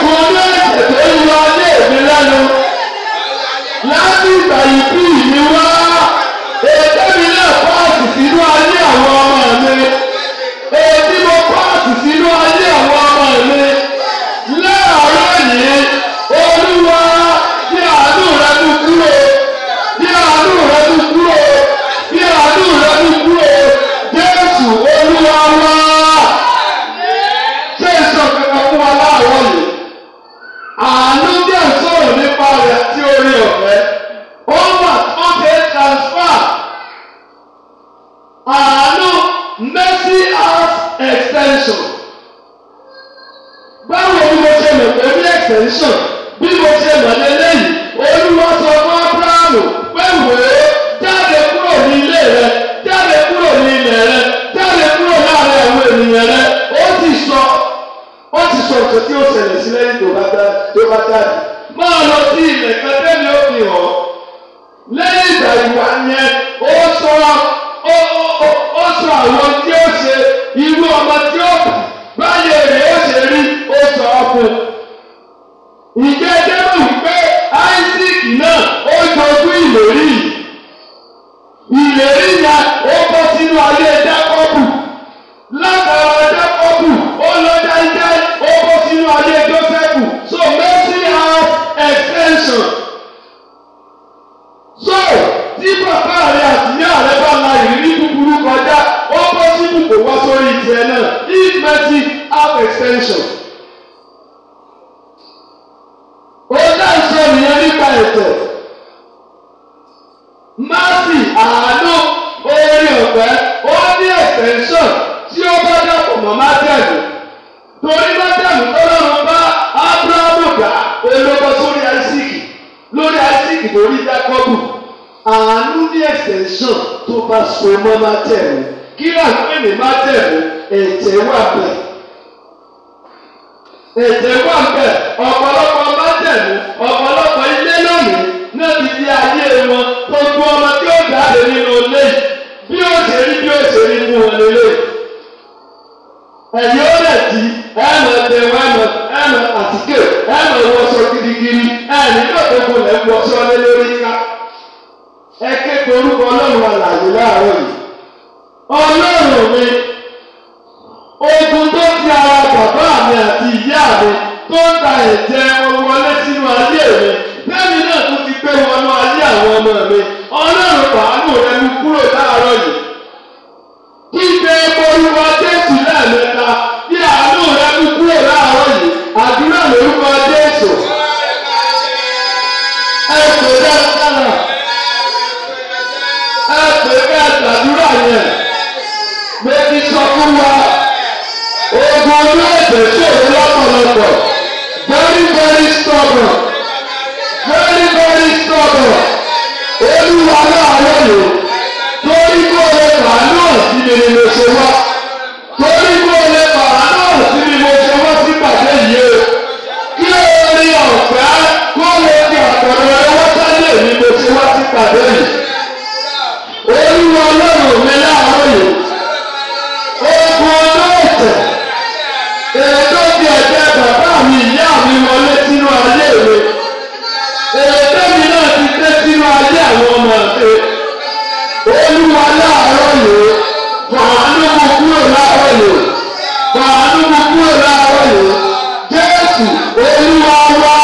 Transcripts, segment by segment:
kan ní ẹ̀sẹ̀ tó ń lọ ilé mi lẹ́nu láti ìgbà ìbí mi wá èdè mi náà pààtì sínú ayé àwọn ọmọ mi èdè mo pààtì sínú stubborn. Very, very stubborn. Very, very stubborn. Olúwa láàárọ̀ yìí. Torí kó lè fà náà sí mi ni mo ṣe wá. Torí kó lè fà náà sí mi mo ṣe wá sí pàṣẹ yìí o. Kí orin ọ̀fẹ́ kó lè fi àpẹẹrẹ ẹwọ́ sálẹ̀ ni mo ṣe wá sí pàṣẹ yìí. Olúwa lọ́rùn mi lá. wọlé sínú ayé rẹ èrè náà ti dé sínú ayé àwọn ọmọ rẹ olúwa láàárọ̀ yìí fàánú mo kúrò láàárọ̀ yìí fàánú mo kúrò láàárọ̀ yìí jésù olúwa wá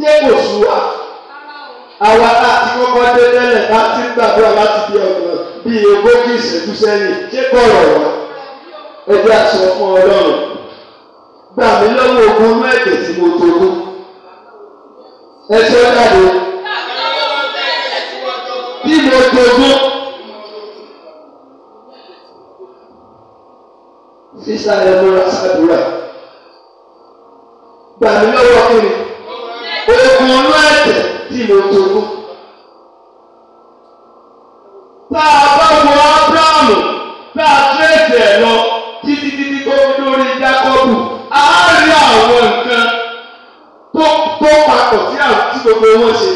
ṣé kò sú wa àwa láti kọ́kọ́ dé tẹ́lẹ̀ láti gbàdúrà láti di ọ̀gbọ̀n bíi ogójì ìṣẹ́jú sẹ́yìn ṣé kọ̀ ọ̀rọ̀ wa ẹgbẹ́ àti ọkùnrin ọlọ́run gbà mí lọ́wọ́ ogun inú ẹ̀jẹ̀ tí mo jogún. ẹ ṣe ó dàbí. bí mo jogún. sísá ẹ múra sàdúrà. gbà mí lọ́wọ́ kí ogun inú ẹ̀jẹ̀ tí mo jogún. tá a bá wọ Ábúráhámù tá a tún ẹ̀jẹ̀ lọ títí títí tó lórí Jákọ́bù á rí àwọn nǹkan tó tó papọ̀ tí gbogbo wọn ṣe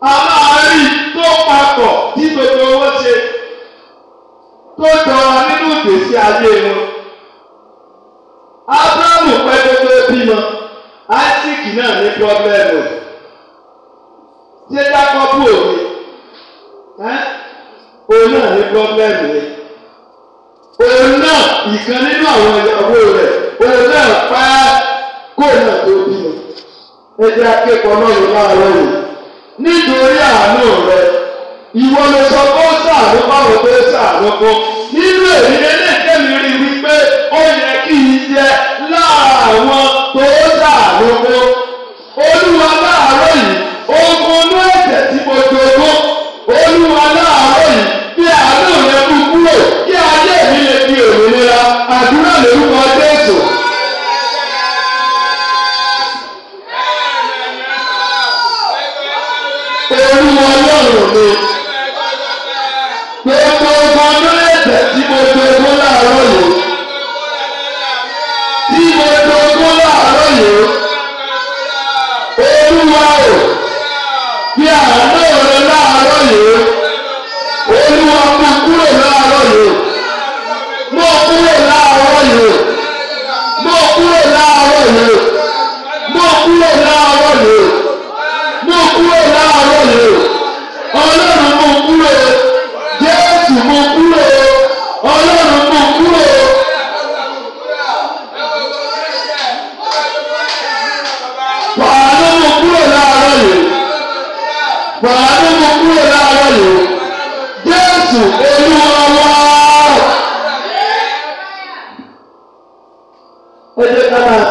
a máa rí tó papọ̀ tí gbogbo wọn ṣe tó jọra nínú ìgbésí ayé wọn Ábúráhámù pẹ́ gbogbo bímọ Áísíkì náà ní pọ́blẹ́mù ṣé Jákọ́bù òní òun náà ní pọ́blẹ́mù yẹn ìkan nínú àwọn ìyàwó rẹ̀ òun náà pa kóònà tó bímọ. ẹ jẹ́ akẹ́kọ̀ọ́ náà ló láàárọ̀ yìí. nítorí àánú rẹ̀ ìwọ ló sọ pé ó sàánú báwo pé ó sàánú fún. nínú èyí eléjẹ́mi rí wípé ó yẹ kí n jẹ láàwọn tó sàánú fún. olú lórúkọ Jésù. Pé olúwa ọlọ́run mi. Pé gbogbo ọdún lẹ́sẹ̀ tí mo gbé ogún láàárọ̀ yìí. Tí mo gbé ogún láàárọ̀ yìí. Olúwa o. Bí àwọn.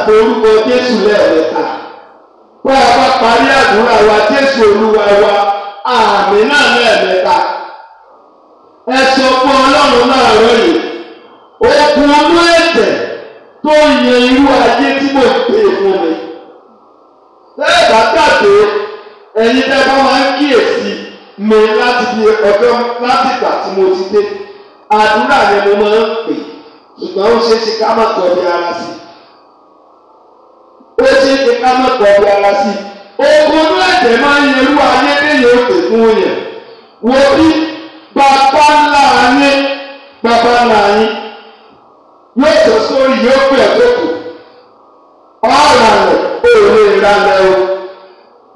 pe orúkọ Jésù lẹ́ẹ̀mẹ́ta pé a bá parí àdúrà wa Jésù Olúwa wa àmì náà lẹ́ẹ̀mẹ́ta ẹ sọ fún Ọlọ́run náà lóye okùn ọdún ẹ̀jẹ̀ tó yẹ irú ajé tí mo gbé fún mi bẹ́ẹ̀ bá gbàgbé ẹ̀yin tẹ́ bá máa ń kíyèsí mi láti di ọjọ́ láti ìgbà tí mo ti dé àdúrà yẹn mo máa ń pè ṣùgbọ́n ó ṣeé ṣe ká má tọ́ bí ara sí i. oche dịka mekọbịarasị obodo ruo anyị dịna oke nwunye wori gbapala anyị gbapala anyị yososo yioku ekoko ọranị oreranẹo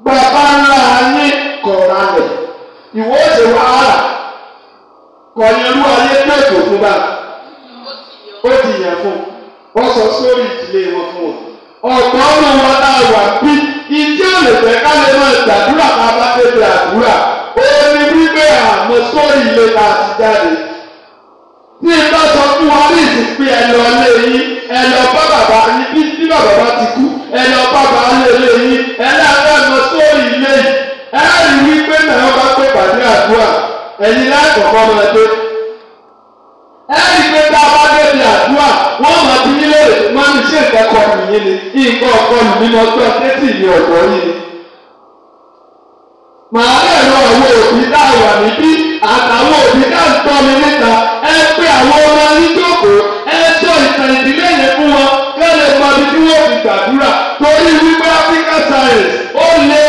gbapala anyị kọranị ìwọ ṣe wàhálà kọ̀yẹ̀rú ayé pẹ̀tò fún bá O ti yẹ̀ fún ọ sọ sórí ìdílé wọn. ọ̀pọ̀ ọ̀rọ̀ wọn náà wà bí ìdí òlùfẹ́ ká lè máa gbàdúrà ká bá tètè àdúrà ó ní wípé àmọ́ sórí ilé ká ti jáde. ní ìgbà sọ fún wa ní ìsìnkú ẹ lọ lé yín ẹ lọ bá bàbá yín bí bí bàbá bá ti kú ẹ lọ bá bàbá lé lé yín ẹ láàárọ̀ lọ sórí ilé yìí ẹ rí wípé náà bá pé pàdé àdúrà ẹ̀yin láìkọ̀kọ́ máa dé. ẹ rí pé tá a bá dé bí àdúrà wọ́n máa ti nílé mọ́ni ṣe ìtẹ́kọ̀ ni nǹkan ọ̀kọlù nínú ọjọ́ tẹ́tì ní ọ̀pọ̀ yìí ni. màá rẹ̀rọ àwọn òbí tá a wà níbí àtàwọn òbí tá a ń tọ́ mi níta ẹ pé àwọn ọmọ níjókòó ẹ sọ ìtàn ìdílé yẹn fún wọn kẹ́lẹ́ mọ ibi tí wọ́n ti gbàdúrà torí wípé Africa science ó le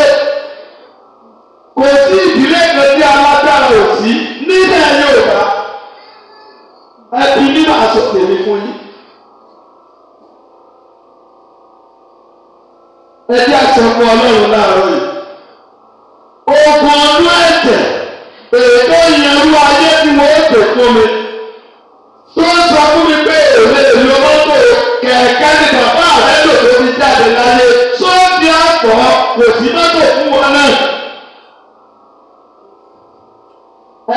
kò sí ìdílé kan tí alágbára ò sí nílẹ̀ Yorùbá ẹ bí nínú àsọ̀tẹ̀lẹ̀ fún yín. ẹbí àṣẹkù ọlọ́run láàárọ̀ yìí. Oògùn ọdún ẹ̀jẹ̀ èèkó ìyẹ̀rú ayé tí mo ètò fún mi. Tó ń sọ fún mi pé èrè èmi olóko kẹ̀kẹ́ ni bàbá rẹ̀ lò tó fi jáde láyé. Sọ́ọ́dì àpọ̀ kò sí mọ́tò fún wọn náà.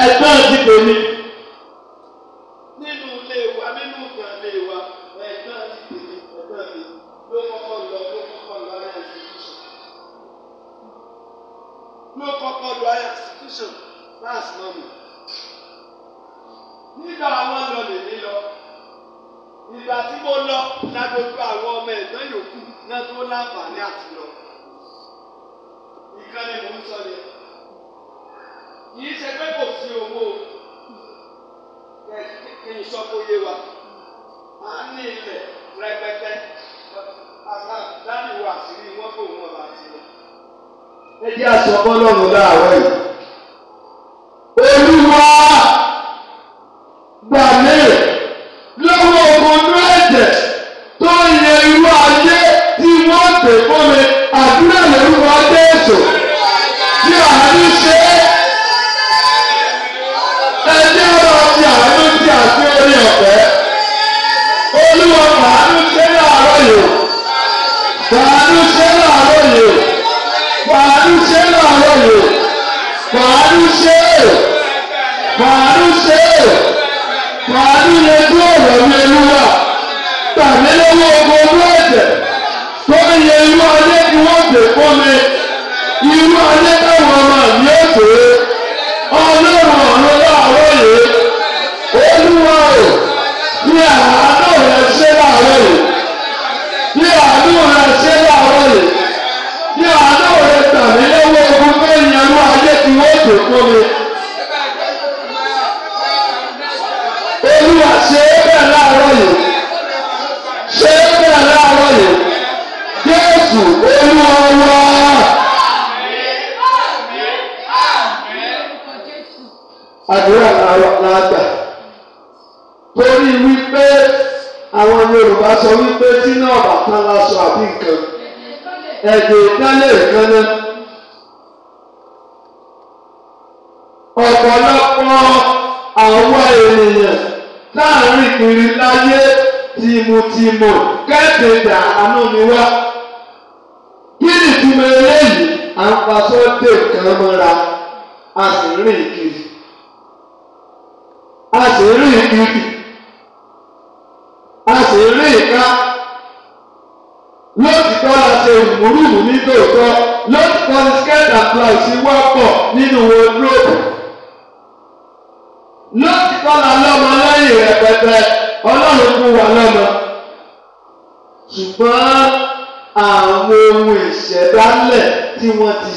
Ẹ̀gbọ́n ti pè mí. fáàsì mọ́ mu nígbà wọn lọ lèmi lọ ìgbà tí mo lọ la gbogbo àwọn ọmọ ẹ̀gbọ́n yòókù náà tó láǹfààní àti lọ ìkànnì mò ń sọ yẹn kìí ṣe pé kò sí owó kí n sọ kó yé wa a ní ilẹ̀ rẹpẹtẹ dáníwò àṣírí wọn kò wọn bá ti lọ. ẹ jẹ́ àṣọ ọlọ́run láàárọ̀ yìí.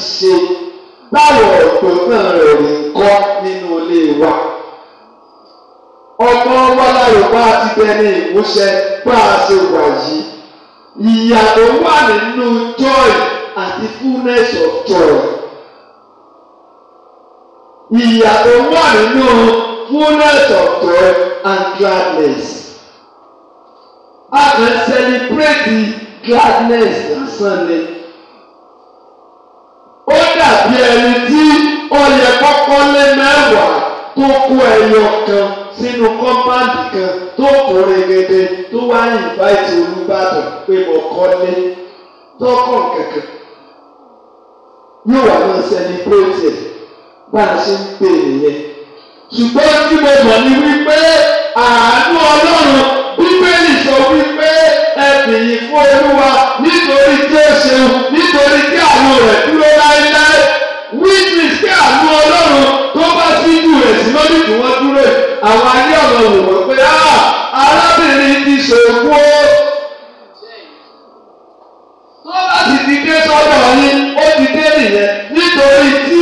ṣe báwo ọ̀pọ̀ náà rẹ̀ ń kọ́ nínú ilé wa. ọmọ wọláyọ̀ bá ti tẹni ìmúṣẹ bá a ṣe wà yìí ìyàtọ̀ wà nínú joy àti fullness of joy. ìyàtọ̀ wà nínú fullness of joy and gladness. a kàn celebrate the gladness lásán Sunday dàbí ẹni tí ó yẹ kọ́kọ́ lé mẹ́wàá tó kó ẹyọ kan sínú kọ́mpáàdì kan tó kó regede tó wá ìnváìtì Olúbàdàn pé mo kọ́ lé tọ́kàn kẹ̀kẹ́ yóò wà lọ sẹ́ni pírẹ́tì bá a ṣe ń pè nìyẹn. ṣùgbọ́n tí mo mọ̀ ní wípé àánú Ọlọ́run bíbélì sọ wípé ẹ bìyìn fún Olúwa nítorí tí ó ṣeun nítorí tí àánú rẹ̀ bí. àwọn ayé ọ̀nà wò wọ́n pé ah, arábìnrin ti ṣòkú tó bá sì ti dé sọ́dọ̀ yín ó ti dé nìyẹn nítorí tí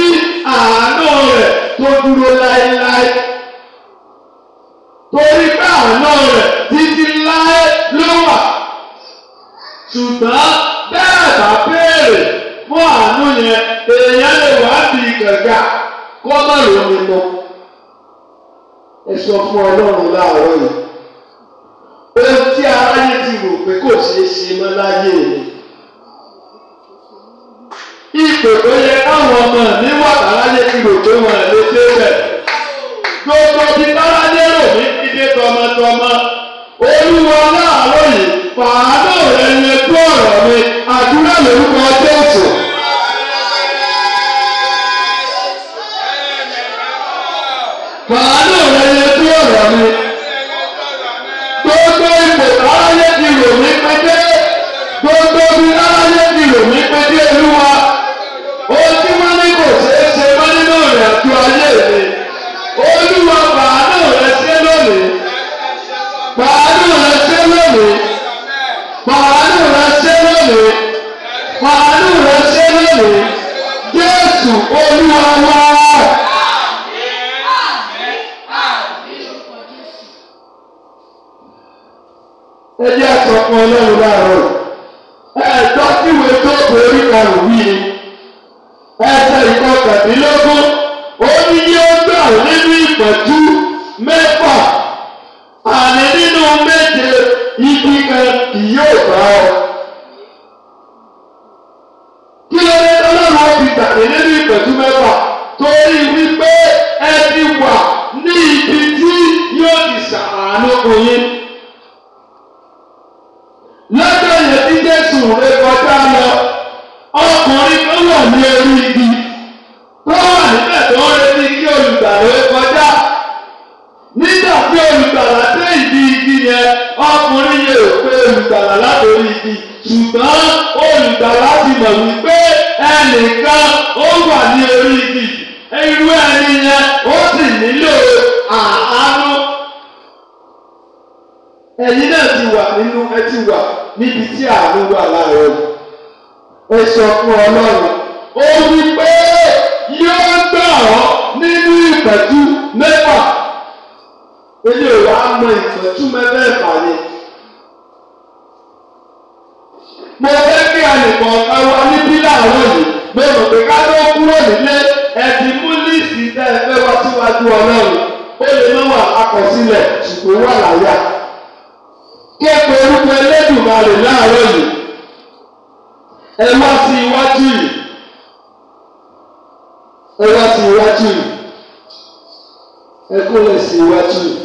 àánú rẹ̀ tó dúró láéláé. torí pé àánú rẹ̀ títí láé ló wà. ṣùgbọ́n bẹ́ẹ̀ bá béèrè fún àánú yẹn èèyàn lè wá di gàgà kọ́ mọ̀ lómi mọ́ ẹ sọ fún ọlọ́run láàárọ̀ yìí pé tí aráyé ti rò pé kò ṣeé ṣe mọ́ láyé mi ipò tó yẹ káwọn ọmọ mi wà láyé ti rò pé wọn lè dé bẹ̀ gbogbo ti láyé rò ní ìdílé tọmọtọmọ olúwa láàárọ̀ yìí fàánù rẹ̀ yẹ ọ̀rọ̀ mi àdúrà lórúkọ. Jésù Olúwa wá. Ẹ jẹ́ sọ fún Ọlọ́run láàárọ̀. Ẹ̀ẹ́dọ́ tí ìwé tó borí karùn-ún wí ni. Ẹsẹ̀ ìkọ́ kàdínlógún. Ó ní ní ó gbà nínú ìpẹ̀jú mẹ́fà. Àní nínú méje ibi kan kì yóò bá ọ. Kí ló dé Ọlọ́run ó fi gbàgbé nínú ìṣẹ́jú mẹ́fà torí wípé ẹ ti wà ní ibi tí yóò ti ṣàánú fún yín. lọ́jọ́ yẹn tí Jésù ré kọjá lọ ọkùnrin tó wà ní orí igi tó wà níbẹ̀ tó ń retí kí olùgbàlà ó kọjá nígbà tí olùgbàlà dé ìdí igi yẹn ọkùnrin yẹn ò pé olùgbàlà látòrí igi ṣùgbọ́n olùgbàlà ti mọ̀ wípé. ẹnìkan ó wà ní orí igi irú ẹni yẹn ó sì nílò àánú. ẹ̀yin náà ti wà nínú ti wà níbi tí àánú wà láàárọ̀ yìí. ẹ sọ fún ọlọ́run ó wí pé yóò gbà ọ́ nínú ìpẹ́jú mẹ́fà. ilé ìwà á ìtọ́jú mo fẹ́ kí àlùkò ọ̀kan ní pílà àwọn yìí mo rò pé ká ló kúrò nílé ẹ̀dì múlíìsì tẹ́ fẹ́ wá síwájú ọlọ́run ó lè má wà akọ̀sílẹ̀ ṣùgbọ́n wà láyà. kéèpé orúkọ Elédùmarè láàárọ̀ yìí ẹ wá sí iwájú yìí ẹ wá sí iwájú yìí ẹ kó lè sí iwájú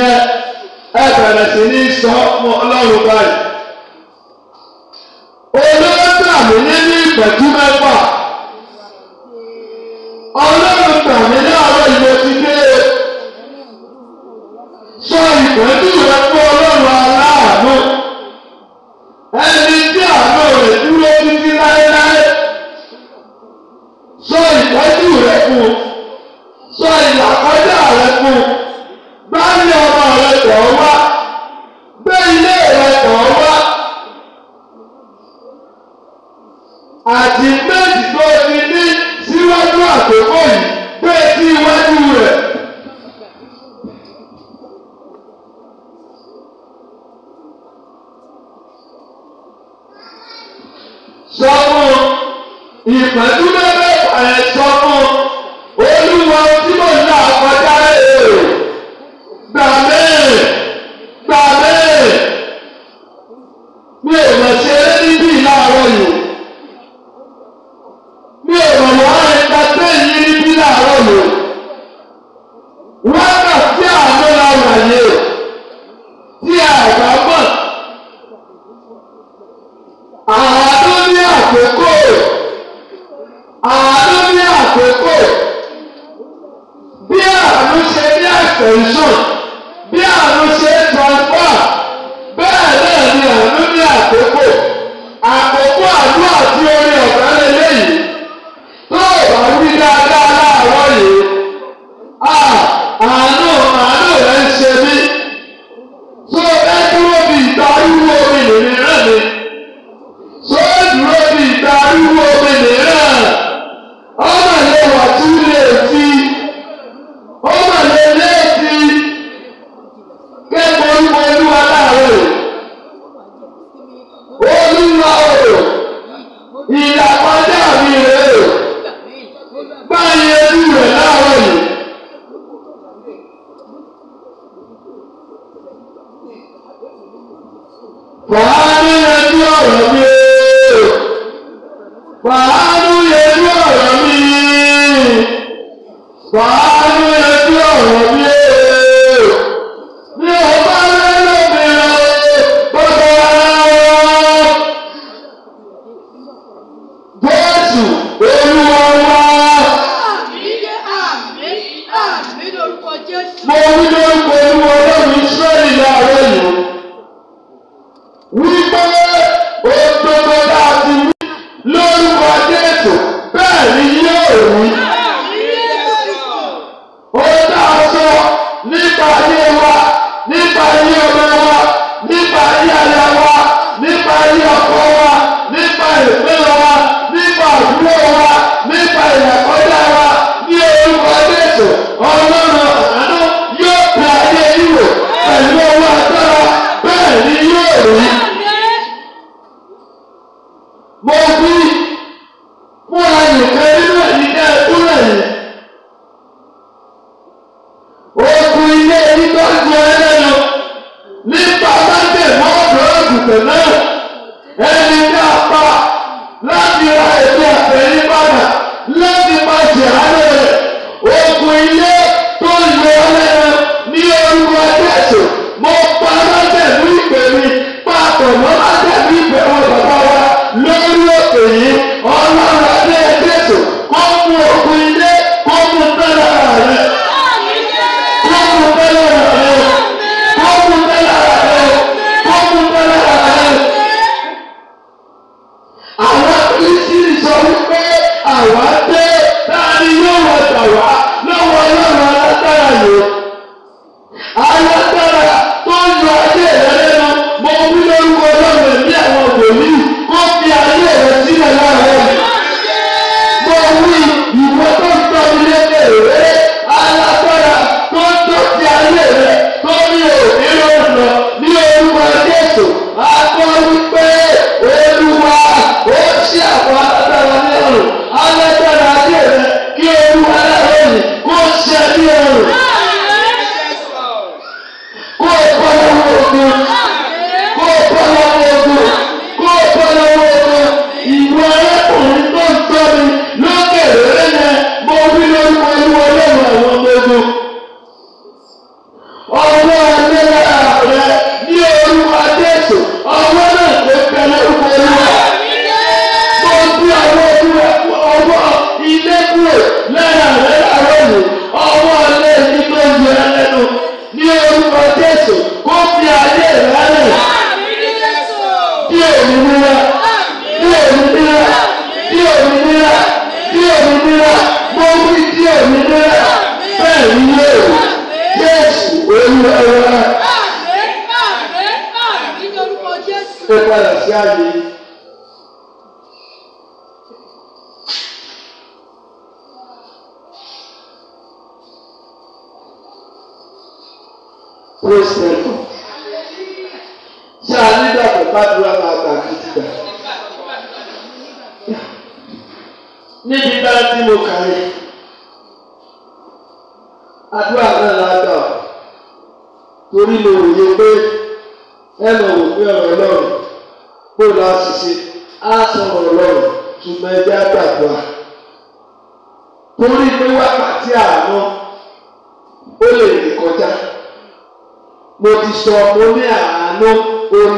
yẹn ẹ bẹ̀rẹ̀ sí ní sọ ọmọ ọlọ́run báyìí.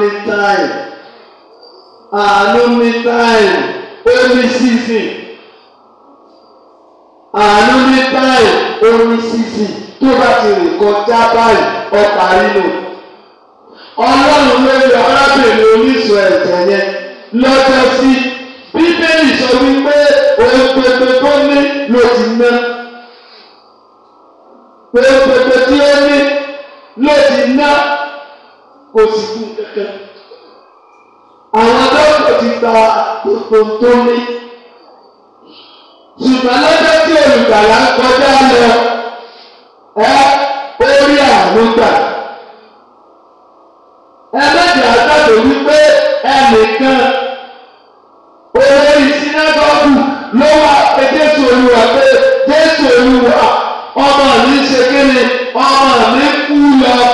need time. I no need time. Ah, only season. I no need time. Only season. Tó bá ti rìn kọjá báyìí, ọkà nínú. Ọlọ́run lórí arábìnrin oníṣọ ẹ̀jẹ̀ yẹn lọ́jọ́ sí. Bíbélì sọ wípé òun pẹpẹ tó ní ló ti ná. Pẹpẹ tí ó ní ló ti ná kò sì kú kankan. Àwọn adáwọ̀ ti gba gbogbo tó ní. Ṣùgbọ́n lọ́jọ́ tí olùgbàlà ń kọjá lọ, ẹ orí àrùn gbà. Ẹ méjì àgbàdo wípé ẹnìkan olórí sínágọ́gù ló wá pé Jésù Olúwa pé Jésù Olúwa ọmọ mi ṣe kí ni ọmọ mi kú lọ.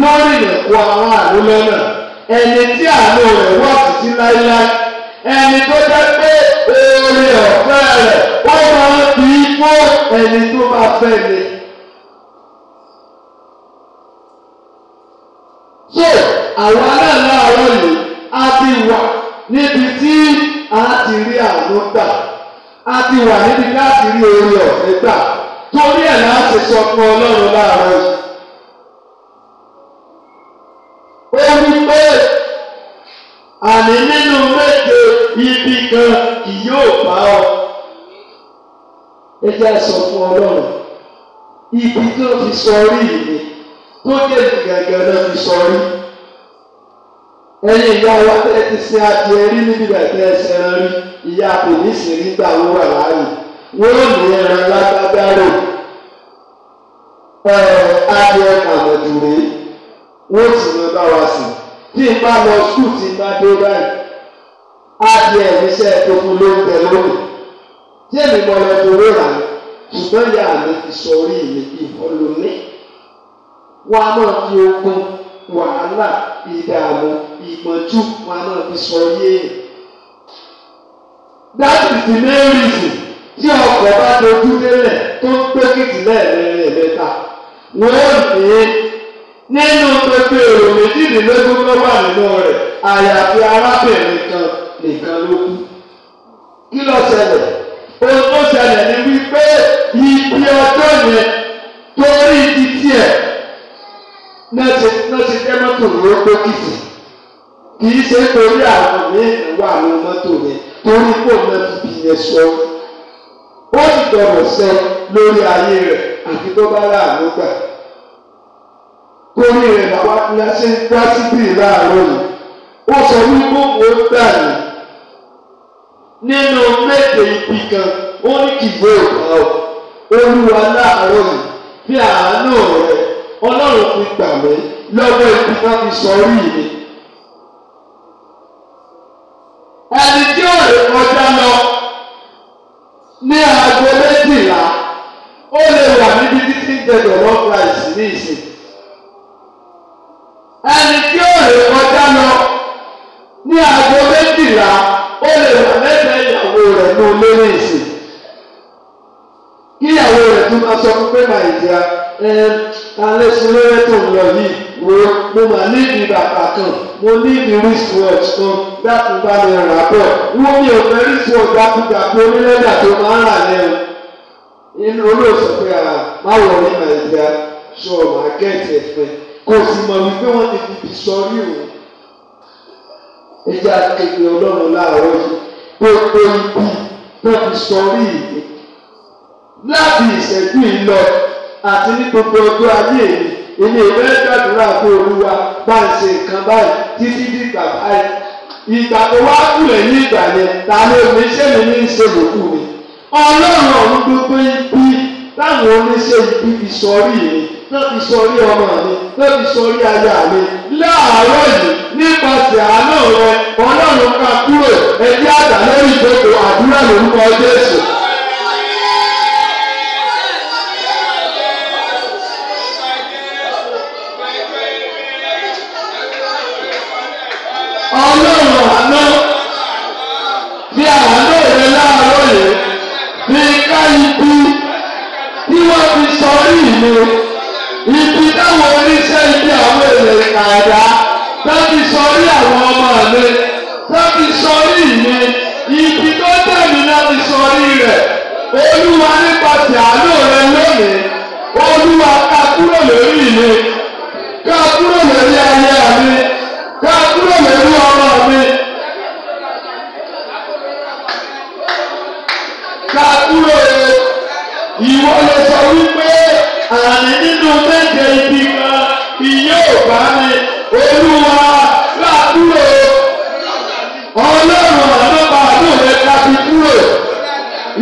lórí ìlẹ̀kùn àwọn àlùmọ́ náà ẹni tí àánú rẹ̀ wà títí láíláí ẹni tó jẹ́ pé oore ọ̀fẹ́ rẹ̀ ó máa fi kó ẹni tó máa fẹ́ ni. so àwọn aláàlá ọ̀rọ̀ yìí a ti wà níbi tí a ti rí àánú gbà a ti wà níbi ti rí oore ọ̀fẹ́ gbà torí ẹ̀ sọ fún ọlọ́run láàárọ̀ yìí. wípé àní nínú méje ibi kan kì yóò bá ọ. ẹ jẹ́ sọ fún ọlọ́run ibi tó fi sọ rí ìní tó dé gàgà náà fi sọ rí. ẹ̀yin ìyá wa tẹ́ ti sin adìẹ rí níbi gàgà ẹsẹ̀ rán rí ìyá kò ní sí nígbà wo wà láàyè wọ́n ní ẹran lágbádá rò adìẹ kàmọ̀dù rèé wọ́n ti mọ bá wa sìn tí n bá lọ sùn tí n bá dé báyìí á di ẹ̀míṣẹ́ tó fún lóúnjẹ lónìí tí èmi mọ̀ lọ fowó rà á ṣùgbọ́n ìyá mi ti sọ orí mi ìfọlùmí wọn a máa fi okun wàhálà ìdààmú ìpọ́njú wọn a máa fi sọ yéè. that is the main reason tí ọkọ̀ bá dojú délẹ̀ tó ń pé kìtìlẹ̀ rẹ̀ mẹ́ta wọ́n ní nínú pẹpẹ èrò méjìlélógún tó wà nínú rẹ̀ àyàfi arábìnrin kan nìkan ló kú kí ló ṣẹlẹ̀ ohun tó ṣẹlẹ̀ ni wípé ibi ọjọ́ yẹn torí títí ẹ̀ náà ṣe jẹ́ mọ́tò ló gbókìtì kì í ṣe torí àwọn míì wà ní mọ́tò yẹn torí kò náà fi bí yẹn sọ ó sì gbọdọ̀ sọ lórí ayé rẹ̀ àti tó bá rà ló gbà torí rẹ̀ làwa ni a ṣe ń dá síbí láàárọ̀ yìí ó sọ wípé mo ń dà ní nínú méje ibi kan ó ní ìwé ọ̀gá olúwa láàárọ̀ yìí bí àánú rẹ̀ ọlọ́run fi gbà mí lọ́wọ́ ibi wọn fi sọrí mi. ẹni tí ó lè kọjá lọ ní aago méjìlá ó lè wà níbi títí gbẹdọ̀ lọ́ọ́ Christ ní ìsìn ẹni tí ó lè kọjá lọ ní aago méjìlá ó lè wà lẹ́gbẹ̀ẹ́ ìyàwó rẹ̀ ní olórí ìsìn kí ìyàwó rẹ̀ tún máa sọ fún pé nàìjíríà ẹ alẹ́ sunlẹ́rẹ́ tó ń lọ yìí wo mo mà ní ìdí bàtà kan mo ní ìdí wristwatch kan dákun bá mi rà bọ̀ wọ́n mi ò fẹ́ wristwatch dákúdàkú onílẹ́dà tó máa ń rà yẹn inú olóòsàn pé àmàwọ̀ ní nàìjíríà ṣọ́ọ̀ máa gẹ̀ẹ́tì ẹ̀fẹ́ kò sì mọ̀ wípé wọ́n ti fi ìsọ̀rí o. Ẹja kékeré ọlọ́run láàárọ̀ yìí gbogbo ibi wọ́n fi sọrí ìlú. Láti ìṣẹ́jú ìlọ àti ní gbogbo ọjọ́ ayé èyí, èmi ìwé gbàdúrà fún Olúwa bá ń ṣe nǹkan báyìí títí dìgbà báyìí. Ìgbà tó wá kúrẹ̀ ní ìgbà yẹn, ta ló mi ṣé mi ní í ṣe lòkù mi? Ọlọ́run ọ̀run gbogbo ibi táwọn oníṣẹ́ ibi fi sọrí ìlú. láti sọrí ọmọ mi láti sọrí aya mi láàárọ̀ yìí nípasẹ̀ àánú rẹ ọlọ́run ká kúrò ẹ̀dí àgbà lórí ìjókòó àdúrà lórúkọ Jésù. ọlọ́run àná ibi táwọn oníṣẹ́ ibi àwọn èrè kàdá tọ́bi sọrí àwọn ọmọ mi tọ́bi sọrí mi ibi tó tẹ̀mí náà ti sọrí rẹ̀ olúwa nípasẹ̀ àánú rẹ lónìí olúwa ká kúrò lórí mi ká kúrò lórí ayé mi ká kúrò lórí ọmọ mi. Ká kúrò ìwọ lè sọ wípé àní nínú méje ibi kan iye ò bá mi olúwa láàbúrò ọlọ́run àlọ́ba àdúrà ká fi kúrò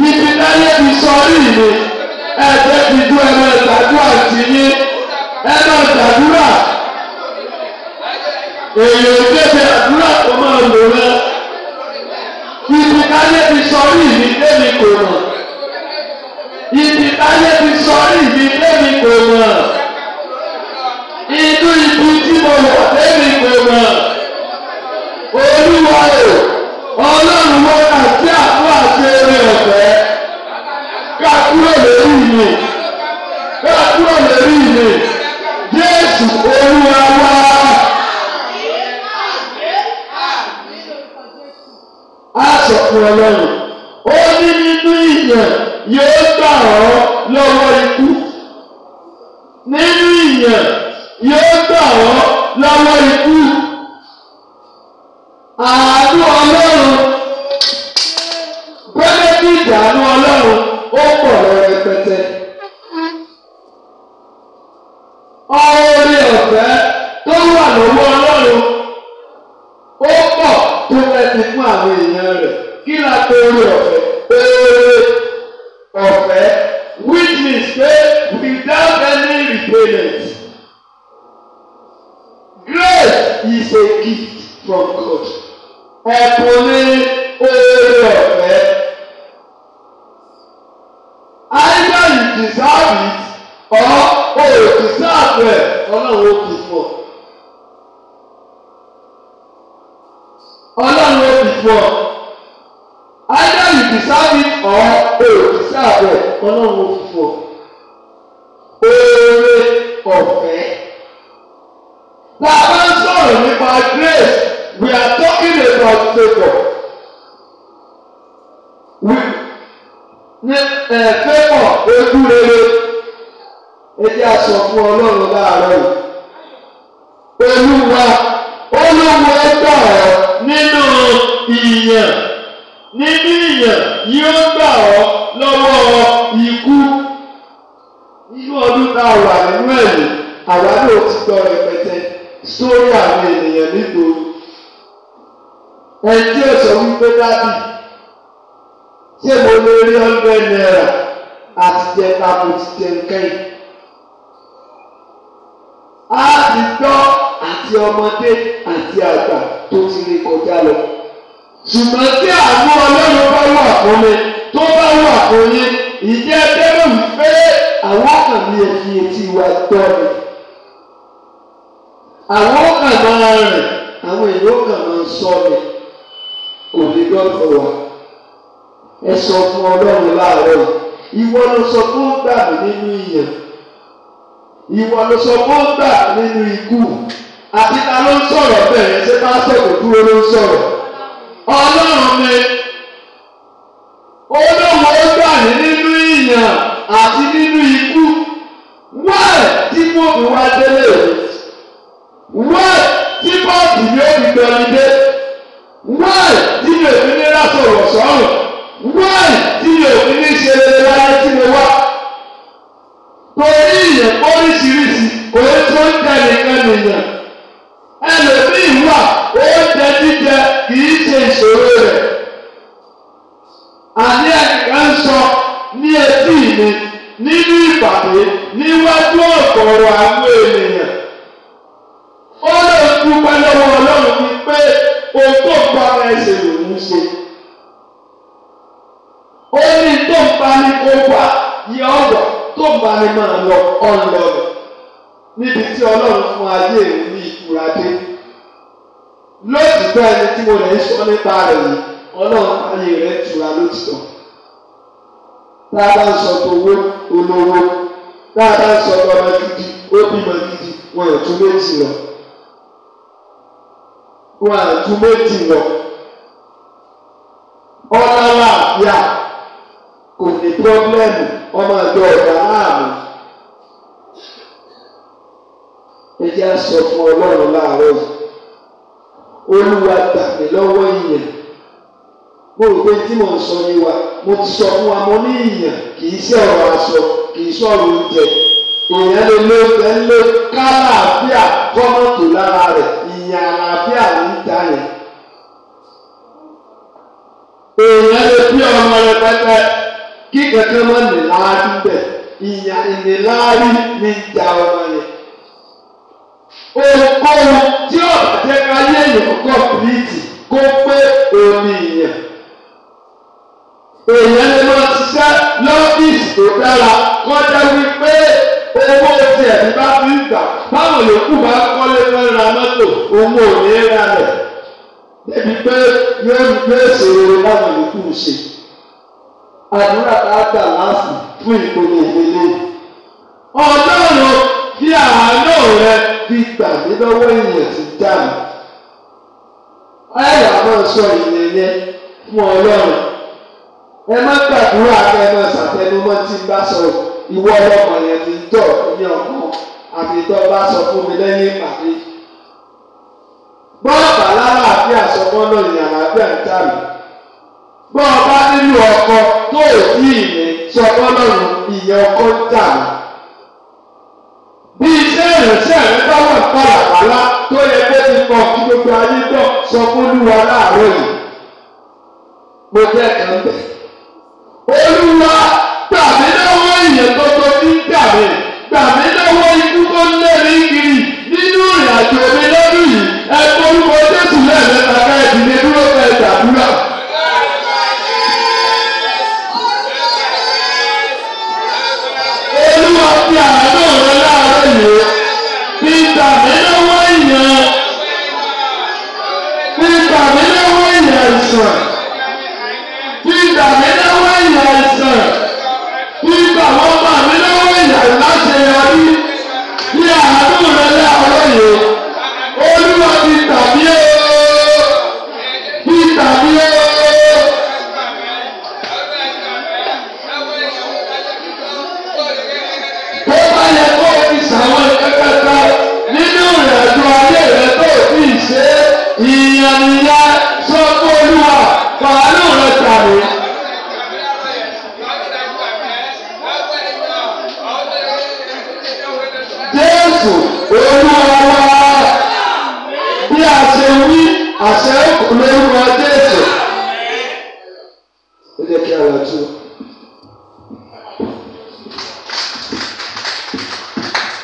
ibi táyé fi sọrí mi ẹ̀jẹ̀ ti dún ẹ̀rọ ìtàdúrà sí ní ẹ̀rọ ìtàdúrà èyí ò débi àdúrà tó máa lò rẹ ibi táyé fi sọrí mi débi kò mọ̀ ibi táyé ti sọ ìbí lẹ́mi kò mọ̀ inú ibi tí mo wọ̀ lẹ́mi kò mọ̀ olúwa o ọlọ́run wọn àti àpò àti eré ọ̀fẹ́ ká kúrò lórí mi ká kúrò lórí mi Jésù olúwa wá. A sọ fún ọlọ́run, ó ní nínú ìyẹn yóò gbà ọ́ lọ́wọ́ ikú nínú ìyàn yóò gbà ọ́ lọ́wọ́ ikú àánú ọlọ́run bẹ́lẹ́dì ìdààmú ọlọ́run ó pọ̀ lọ rẹpẹtẹ. ọ̀rẹ́ ọ̀fẹ́ tó wà lọ́wọ́ ọlọ́run ó pọ̀ tó rẹ ti fún àwọn èèyàn rẹ̀ kí la pe orí ọ̀fẹ́. payment. Grace is a gift from God. Ẹ̀bùn ni ọ̀fẹ́. Either you deserve it or o deserve it ọlọ́run ó fi fún ọ. Ọlọ́run ó fi fún ọ. Either you deserve it or o deserve it ọlọ́run ó fi fún ọ. sọ fún ọlọ́run láàárọ̀ yìí. Olúwa olówó ẹgbà ọ́ nínú ìyàn nínú ìyàn yóò gbà ọ́ lọ́wọ́ ikú. Inú ọdún tá a wà nínú ẹ̀yìn àwa náà ti gbọ́ rẹpẹtẹ sórí àwọn ènìyàn nígboro. Ẹni tí ó sọ wípé dábì ṣé mo lè rí ọgbẹ́ náírà àti jẹ ta mo ti jẹ nǹkan àti ọmọdé àti àgbà tó ti rí kọjá lọ. ṣùgbọ́n tí àánú ọlọ́run bá wà fún mi tó bá wà fún yín ìjẹ́ bẹ́rù wípé àwọn kan ní ẹ̀fí etí wa gbọ́ mi. àwọn kan máa rìn àwọn èèyàn kan máa sọ mi kò ní gbọ́dọ̀ wá. ẹ sọ fún ọlọ́run láàárọ̀ ìwọ ló sọ fún gbà mí nínú ìyàn ìwọ ló sọ fún gbà nínú ikú àti ta ló ń sọ̀rọ̀ bẹ́ẹ̀ ṣé pásítọ̀ kò dúró ló ń sọ̀rọ̀ ọlọ́run mi olóhùn ó gbà ní nínú ìyàn àti nínú ikú wẹ́ẹ̀ tí mo fi wá délé wẹ́ẹ̀ tí bọ́ọ̀dù yóò fi gbẹ̀mí dé wẹ́ẹ̀ tí mi fi ní lásọ̀rọ̀ sọ̀rọ̀ wẹ́ẹ̀ tí mi fi ní ṣe rere láyé tí mo wá torí ìyẹn pọ́lísì. tọrọ àánú ènìyàn ó lè dúpẹ́ lọ́wọ́ ọlọ́run ní pé ohun tó ń bá ara ẹsẹ̀ lòún ṣe ó ní tó ń bá ní kó wà ní ọ̀wọ̀ tó ń bá ní máa lọ ọ̀nlọ rẹ̀ níbi tí ọlọ́run fún ayé rẹ̀ ní ìtura ẹni tí mo lè sọ nípa rẹ̀ yìí ọlọ́run ayé rẹ̀ tura lóòtítọ́ tá a bá ń sọ tòwó olówó dáadáa sọ ọmọ ọmọ gidi ó bímọ gidi wọn ò tún méjì lọ wọn ò tún méjì lọ ọlọ́lá àbíà kò ní pírọ́blẹ́mù ọmọ ẹgbẹ́ ọ̀gá láàmú ẹ jẹ́ sọ fún ọlọ́run láàárọ̀ yìí olúwa gbà mí lọ́wọ́ ìyẹn mo rò pé tí mò ń sọ yìí wa mo ti sọ fún wa mo ní ìyẹn kì í ṣe ọ̀rọ̀ aṣọ kì í sọ̀rọ̀ oúnjẹ èèyàn lè lé ẹ lé kálàáfíà kọ́mọ̀tò lára rẹ̀ ìyẹn àlàáfíà ní ìta yẹn. èèyàn lè bí ọmọ rẹ pẹpẹ kí kẹ̀kẹ́ mọ́ níláárí bẹ̀ ìyẹn ìníláárí ní ìjà ọmọ yẹn. ohunkóhun tí ọ̀jẹ̀ káyé èèyàn kọ̀pìlìtì kó pé omi ìyẹn. èèyàn lè máa ṣiṣẹ́ lọ́fíìsì tó dára wọ́n jẹ́ wípé owó tí ẹ̀mí bá fi gbà báwọn yòókù bá kọ́lé fẹ́ ra mọ́tò owó ò ní ra rẹ̀ débi pé yóò gbé ìṣòro láwọn yòókù ṣe. àdúrà tá a gbà láàfin fún ìpinnu ìdílé. ọlọ́run fi àánú rẹ fi gbà mí lọ́wọ́ ìyẹn ti dà mí. ayọ̀ àwọn sọ ìyẹn yẹn fún ọlọ́run ẹ má gbàdúrà kẹ́ ẹ má ṣàtẹnumọ́ tí ń bá sọ̀rọ̀ ìwọ ọlọ́mọ yẹn ti tọ̀ ní ọ̀gbọ́n àti tọ́ bá sọ fún mi lẹ́yìn ìpàdé. Bọ́ ọ̀bà lára àbí àsọmọ́ náà ní àlàáfíà ń tà mí. Bọ́ ọba nínú ọkọ tó ò tí ì ní sọmọ́ náà ìyẹn ọkọ ń tà mí. Bí iṣẹ́ ìrìnsẹ̀ rẹ bá wà pàlàpàlà tó yẹ kó ti mọ kí gbogbo ayé náà sọ fún Olúwa láàárọ̀ yìí. Mo jẹ́ kan bẹ̀. Olúwa gbàmí lọ́wọ́ ìyẹn gbogbo ní gbàmí gbàmí. ní àádọ́wà. bí a ṣe wí àṣẹ òkùnrin wọn déètò. ó jẹ́ kí a wà tó.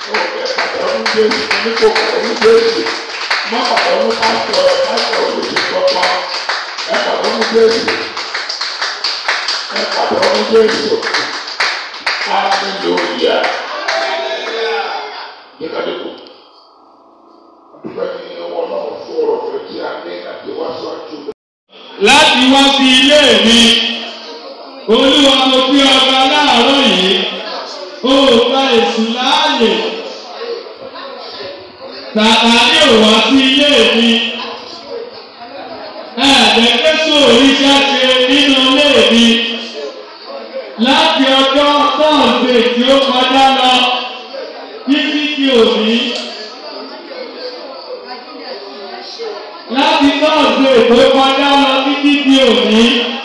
Mọ àtọ̀run pásítọ̀ pásítọ̀ olùdíkọ̀ pa ẹ̀ pàtọ́run Jésù ẹ̀ pàtọ́run Jésù. Hallelujah. Hallelujah. láti wá sí ilé mi olúwa mo pé ọba láàárọ̀ yìí ó gba èṣù láàyè Sàtánì ò wá sí ilé mi ẹ̀ẹ́dẹ́gbẹ́sọ oríṣà ṣe nínú ilé mi láti ọjọ́ sọ́ọ̀dé tí ó kọjá lọ títí di òní. láti sọ́ọ̀dé tó kọjá lọ títí di òní.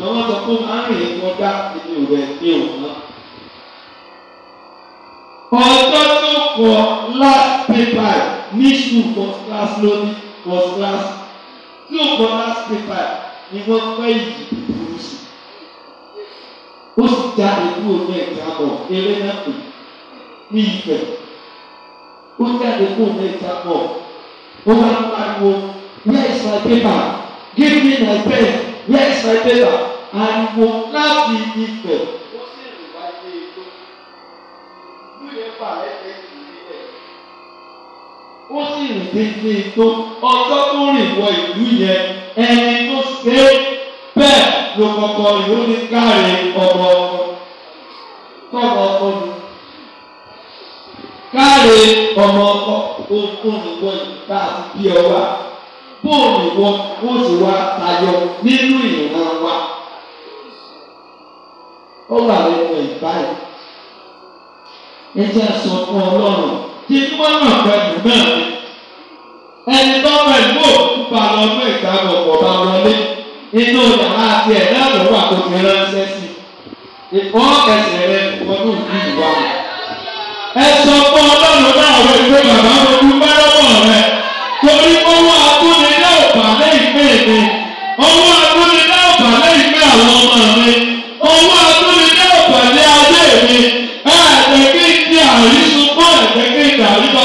ṣùgbọ́n wọ́n sọ pé máa ń rìn wọn dá inú rẹ̀ ní òun ọjọ́ tó kọ last paper ní school first class lónìí first class tí ó kọ last paper ni wọ́n pẹ́ yìí burú sí ó sì já ìlú omi ẹ̀ka bọ̀ eré náà pè ní ìfẹ́ ó jáde kó omi ẹ̀ka bọ̀ ó máa ń pariwo where is my paper give me my pen where is my paper ariwo láti ibẹ̀. ó sì rìn wá ilé igbó lóye fà ẹsẹ̀ sì nílẹ̀. ó sì rìn dé ilé igbó ọjọ́ tó rìn wọ ìlú yẹn ẹni tó ṣe é bẹ́ẹ̀ ló kọ́kọ́ rí ó ní káre ọmọ tọmọ ọmọ káre ọmọ ọkọ òkun nìwọ ìgbà àti bí ọwa bóòlù wọn ó sì wá tayọ nínú ìran wa ó wà lẹ́nu ìbáyìí. ẹ jẹ́ sọ fún ọlọ́run kí ni wọ́n mọ̀ pẹ̀lú náà ẹni tó mọ̀ ìlú òkú bá lọ fún ìgbàgbọ́ kò bá wọlé inú yàrá àti ẹ̀ náà ló wà kó fi ránṣẹ́ sí i ìfọ́ ẹsẹ̀ rẹ ọdún yìí wà. ẹ sọ fún ọlọ́run náà wọ ìgbé bàbá mo dúpẹ́ lọ́wọ́ rẹ torí owó akúni náà bà lẹ́yìn pé èmi owó akúni náà bà lẹ́yìn pé àwọn ọmọ mi owó akúni. Hallelujah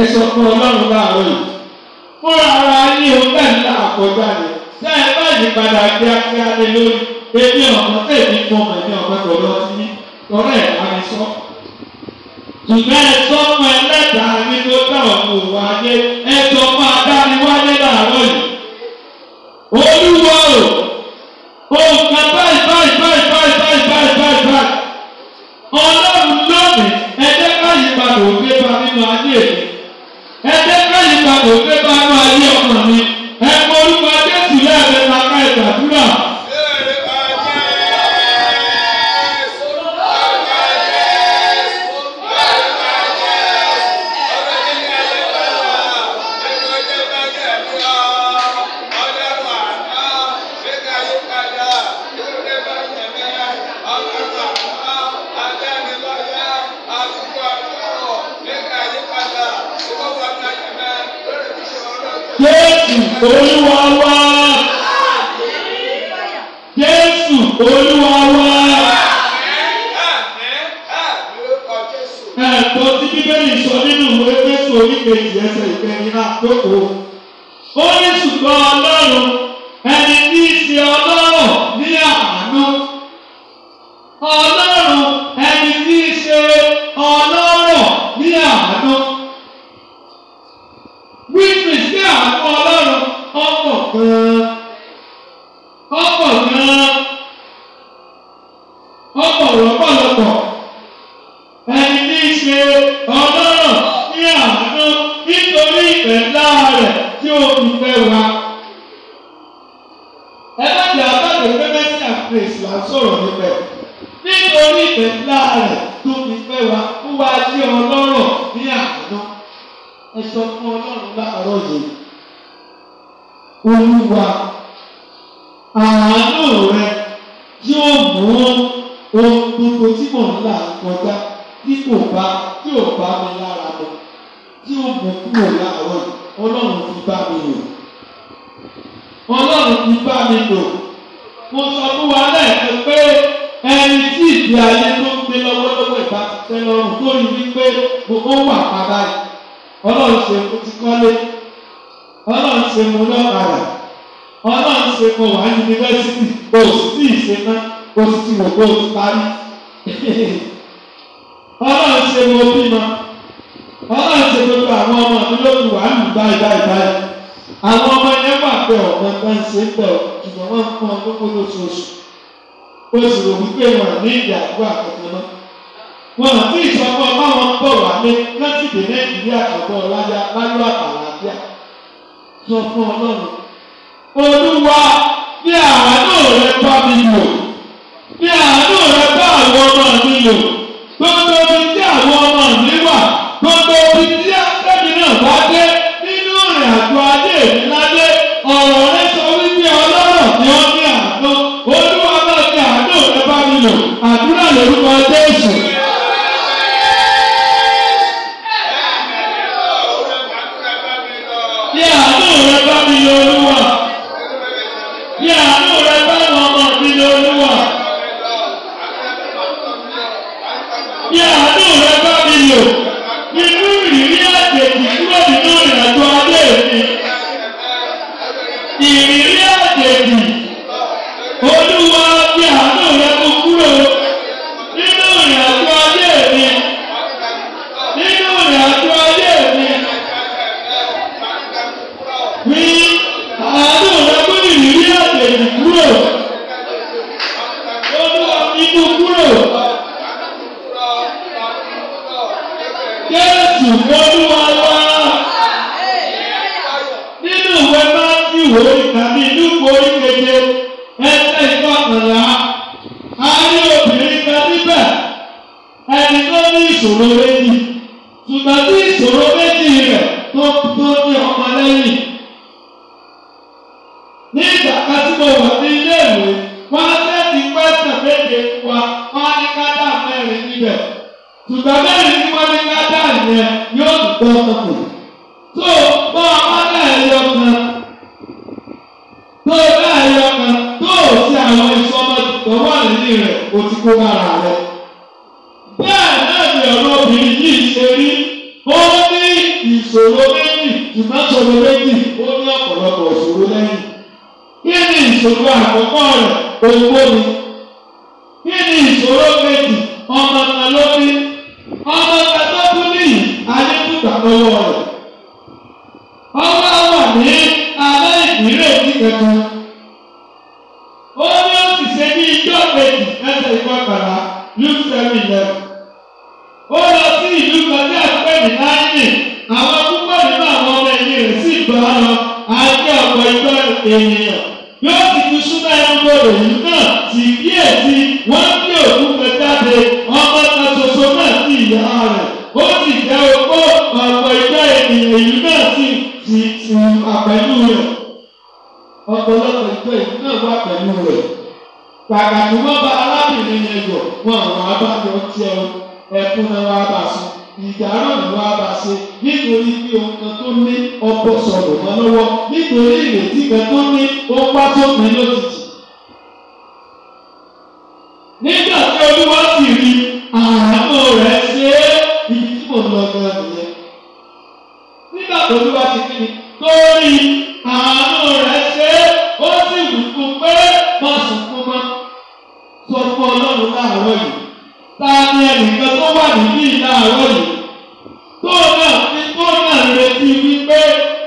ẹ sọ fún ọlọ́run láàárọ̀ yìí fún ara yín o bẹ́ẹ̀ ní àkọjá rẹ̀ tẹ́ ẹ bá yí padà kíákíá lé lórí ebi ọ̀kan tẹ̀ mí fún ọmọ ẹ̀mí ọ̀kan tó lọ sí ọ̀rẹ́ ẹ̀ bá mi sọ. ṣùgbọ́n ẹ sọ fún ẹlẹ́dàá mi tó dá ọ̀pọ̀ wáyé ẹ sọ fún adániwáyé láàárọ̀ yìí. olúwa. oníkejì ẹsẹ̀ ìkẹyìn náà jókòó. ó ní o sì rò wípé wọn ní ìyàgbọ́ àkọ́kọ́ náà wọn à ti ìsọfún ọba wọn bọ̀ wá ní láti dé nàìjíríà àkọ́kọ́ láyà láyọ̀ àlàáfíà sọ fún ọlọ́run olúwa ní àwọn náà rẹ bá mi lò. ta ni ẹnìkan tó wà níbí ìdáàrọ̀ yìí tó náà ti tó náà retí wípé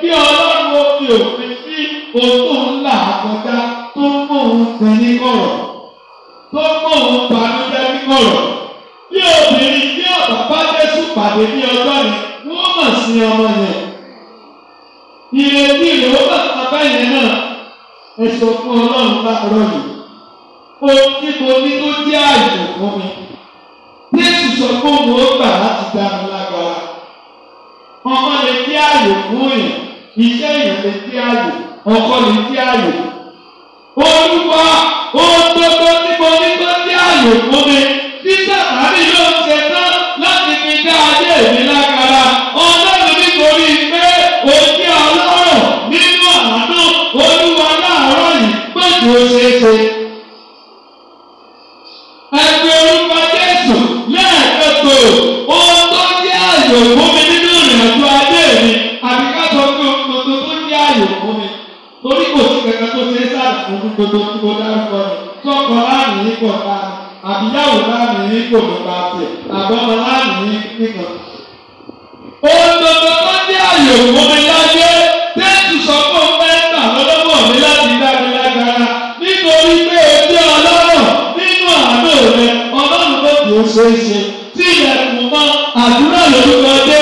bí ọlọ́run ó fi òfin sí òótọ́ ńlá àkọjá tó ń mú òun sẹ ní kọ̀rọ̀ tó ń mú òun bàmíjẹ́ ní kọ̀rọ̀ bí obìnrin bí ọ̀bà bá Jésù pàdé ní ọjọ́ ni wọ́n mọ̀ sí ọmọ yẹn ìrètí ìrèwọ́ bàtà báyìí náà ẹ fún ọlọ́run bá yìí ohun tí mo ní tó jẹ́ àyè fún mi sọ pé òun ó gbà láti dá mi lágbára ọmọ lè dí ààyè fún èèyàn iṣẹ́ èèyàn lè dí ààyè ọkọ lè dí ààyè olùkọ́ ó tó tó níbo ní tó dí ààyè fún mi. gbogbo tí mo dárúkọ ni sọkọ láàmì yìí kò ta àbíyáwó láàmì yìí kò ní ta tẹ àbọmọ láàmì yìí nìkan. ohun gbogbo tó dé àyè òun mi láyé tẹ́tù sọ fún mẹ́ta lọ́dọ́mọ̀ mi láti dá mi lágara nítorí pé ojú ọlọ́rọ̀ nínú àánú rẹ ọlọ́run ló kì í ṣe é ṣe tí ilẹ̀kùn mọ́ àdúrà lórúkọ dé.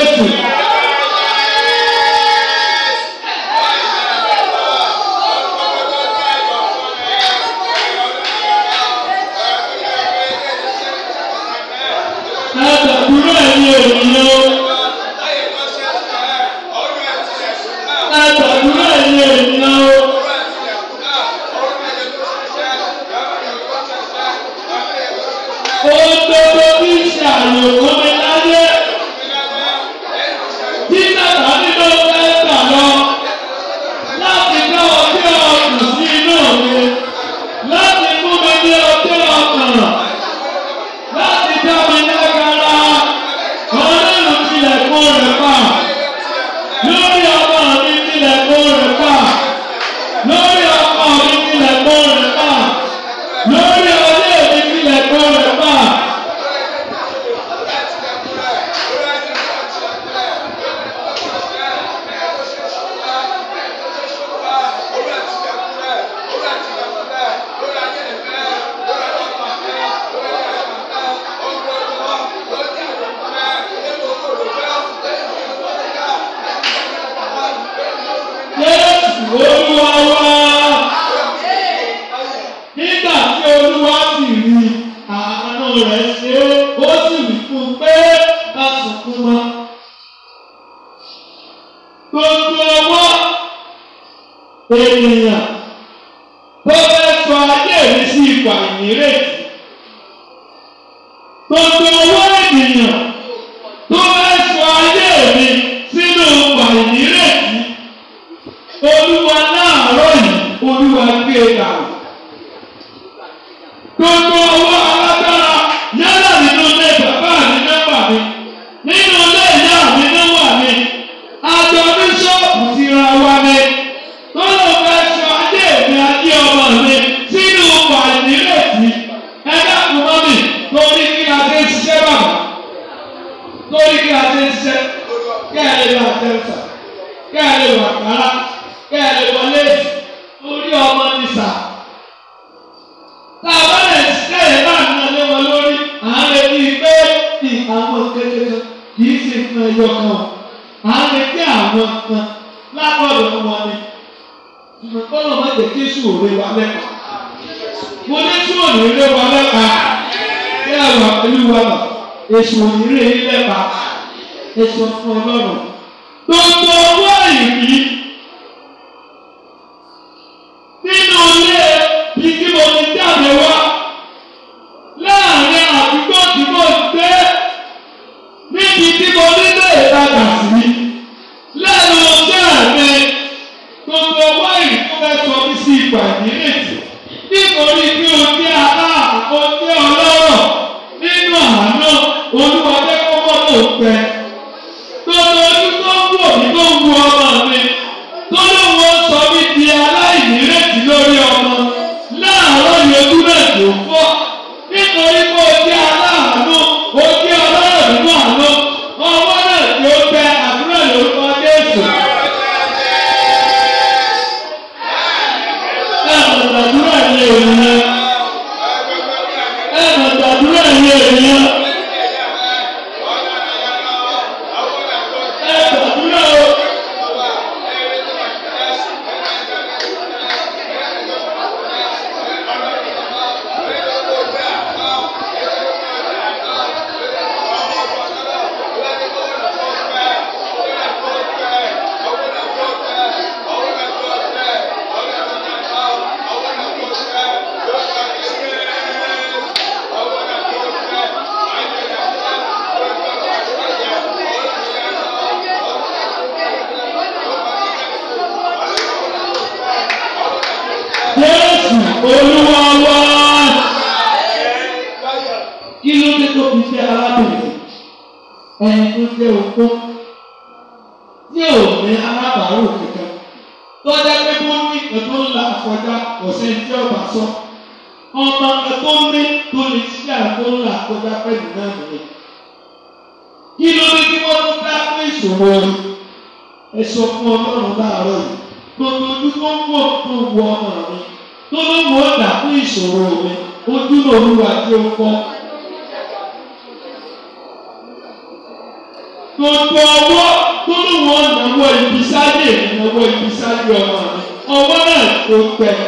ibi sáré ọmọ mi ọwọ́ náà kò tẹ̀.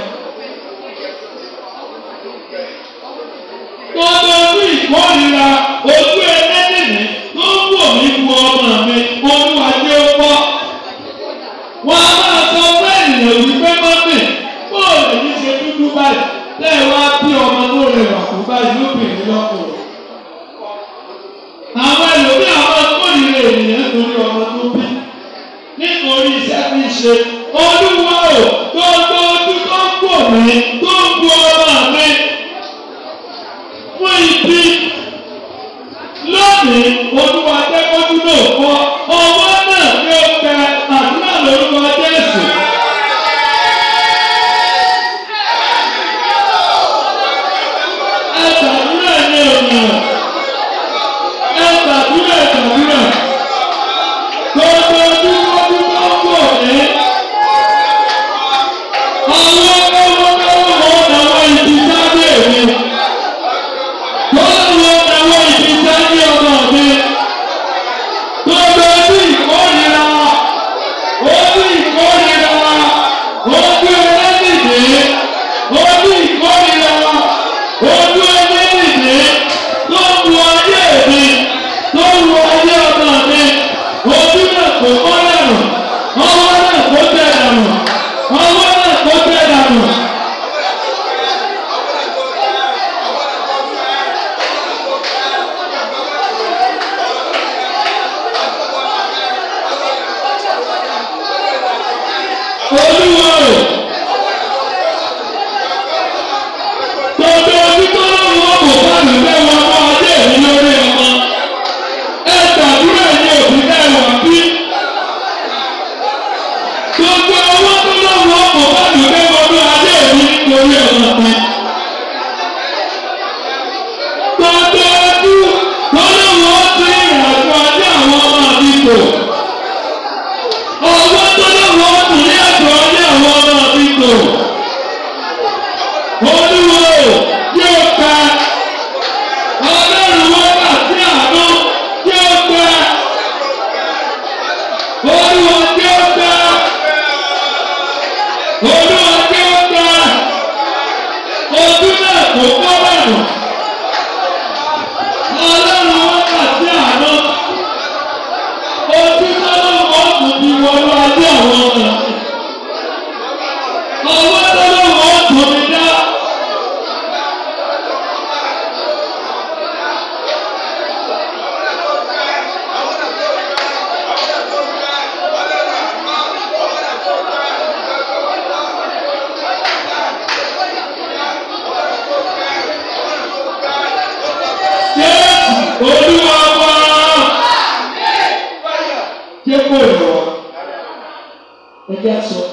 Gbogbo bí ìkórìíra ó relationship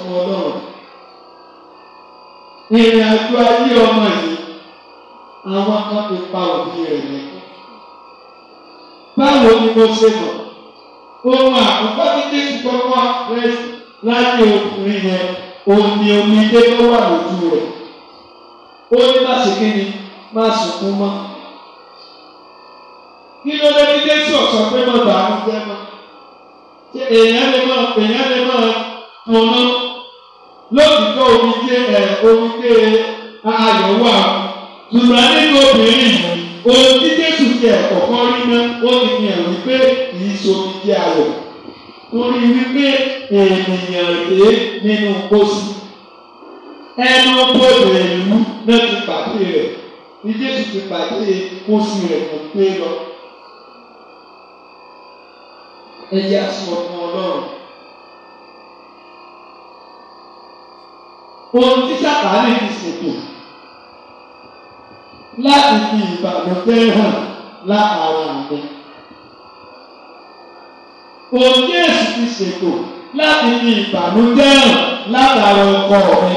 fún ọlọ́run. ìrìn àjò ayé ọmọ yìí àwọn kan ti pa òbí rẹ̀ ní. báwo ni mo ṣe mọ̀? ohun àkọ́kọ́ tí jésù kọ́kọ́ rẹ̀ láti obìnrin yẹn òní omidé ló wà lójú rẹ̀. ó ní má ṣe kí ni má sunkún mọ́. kí ló dé ní jésù ọ̀sán pé mo bàá ń jẹ́ mọ́? èèyàn lè máa èèyàn lè máa tọ̀nà lótìtọ́ omijé ẹ omijé ayọ̀ wà ṣùgbọ́n nígbà obìnrin yìí ohun tí Jésù ti ẹ̀kọ́ kọ́ rí náà ó ti fi hàn wípé kì í ṣe omijé ayọ̀ torí wípé ènìyàn rèé nínú pósí ẹnu bòdò ìlú náà ti pàdé rẹ̀ ní Jésù ti pàdé pósí rẹ̀ kò pé lọ. ẹ yá sọ fún Ọlọ́run. ohun tí sàkáàlì ti ṣètò láti fi ìbànújẹ́ hàn láàárọ̀ àgbẹ̀. ohun tí èsì ti ṣètò láti fi ìbànújẹ́ hàn látàrọ̀ ọkọ mi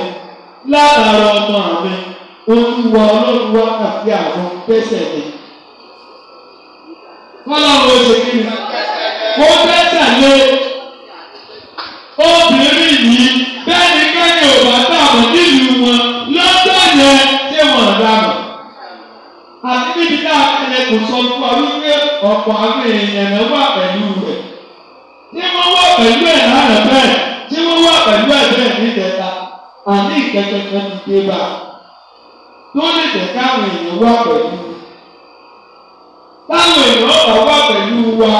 látàrọ̀ ọmọ mi olúwa olóòwò àti àwọn pẹ́sẹ̀ mi. kọ́lá wo ṣe kí ni ó pẹ́sẹ̀ lé obìnrin yìí bẹ́ẹ̀ ni. yé wọn dànù àti níbi náà ẹnẹ kò sọ fún wa wípé ọ̀pọ̀ àwọn èèyàn ẹ̀ wà pẹ̀lú rẹ̀ tí wọ́n wà pẹ̀lú ẹ̀ lánàá bẹ́ẹ̀ tí wọ́n wà pẹ̀lú ẹ̀ bẹ́ẹ̀ níjẹta àní ìkẹ́kẹ́kẹ́ ti dé bá tó lè jẹ́ káwọn èèyàn wà pẹ̀lú táwọn èèyàn ọ̀pọ̀ wà pẹ̀lú wa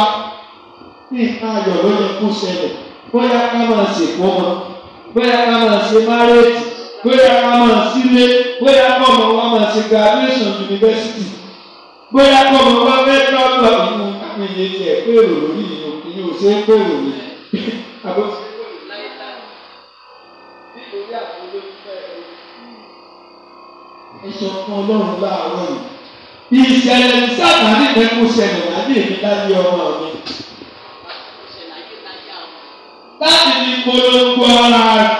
ní ayọ̀ ló yẹ kó ṣẹlẹ̀ bóyá ká máa ṣèkó wọn bóyá ká máa ṣe máréètì bóyá ká máa sílé bóyá kọ́ ọmọ wa máa ṣe graduation university bóyá kọ́ ọmọ wa fẹ́ travel nínú àpèjẹ tiẹ̀ pèrò lórí ìlú ìlú ò ṣe é pèrò ní. ẹ sọ fún ọlọ́run láàárọ̀ yìí ìṣẹ̀lẹ̀ sábàárì rẹ kò ṣẹlẹ̀ lábẹ́ èmi láyé ọmọ mi. láti fi polongo ara rẹ̀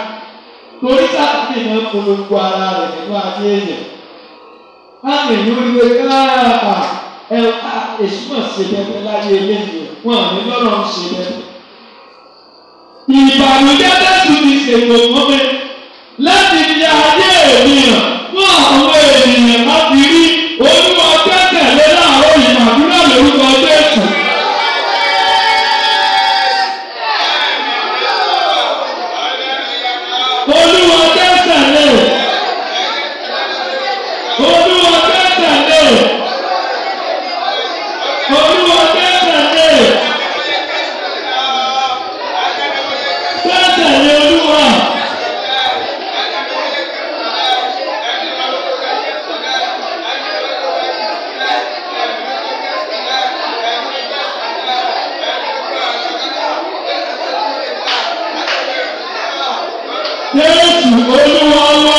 torí sábà sì máa ń polongo ara rẹ̀ nínú ayé èèyàn. Láti ìlú ìwé káàkà ẹ èsùmọ̀ ṣe bẹ́ẹ̀ láyé eléyìí wọn ní lọ́rọ̀ ń ṣe bẹ́ẹ̀. Ìbànújẹ́ lẹ́sùn ti ṣètò mọ́mẹ́ láti fi ayé èmi fún àwọn èèyàn. الله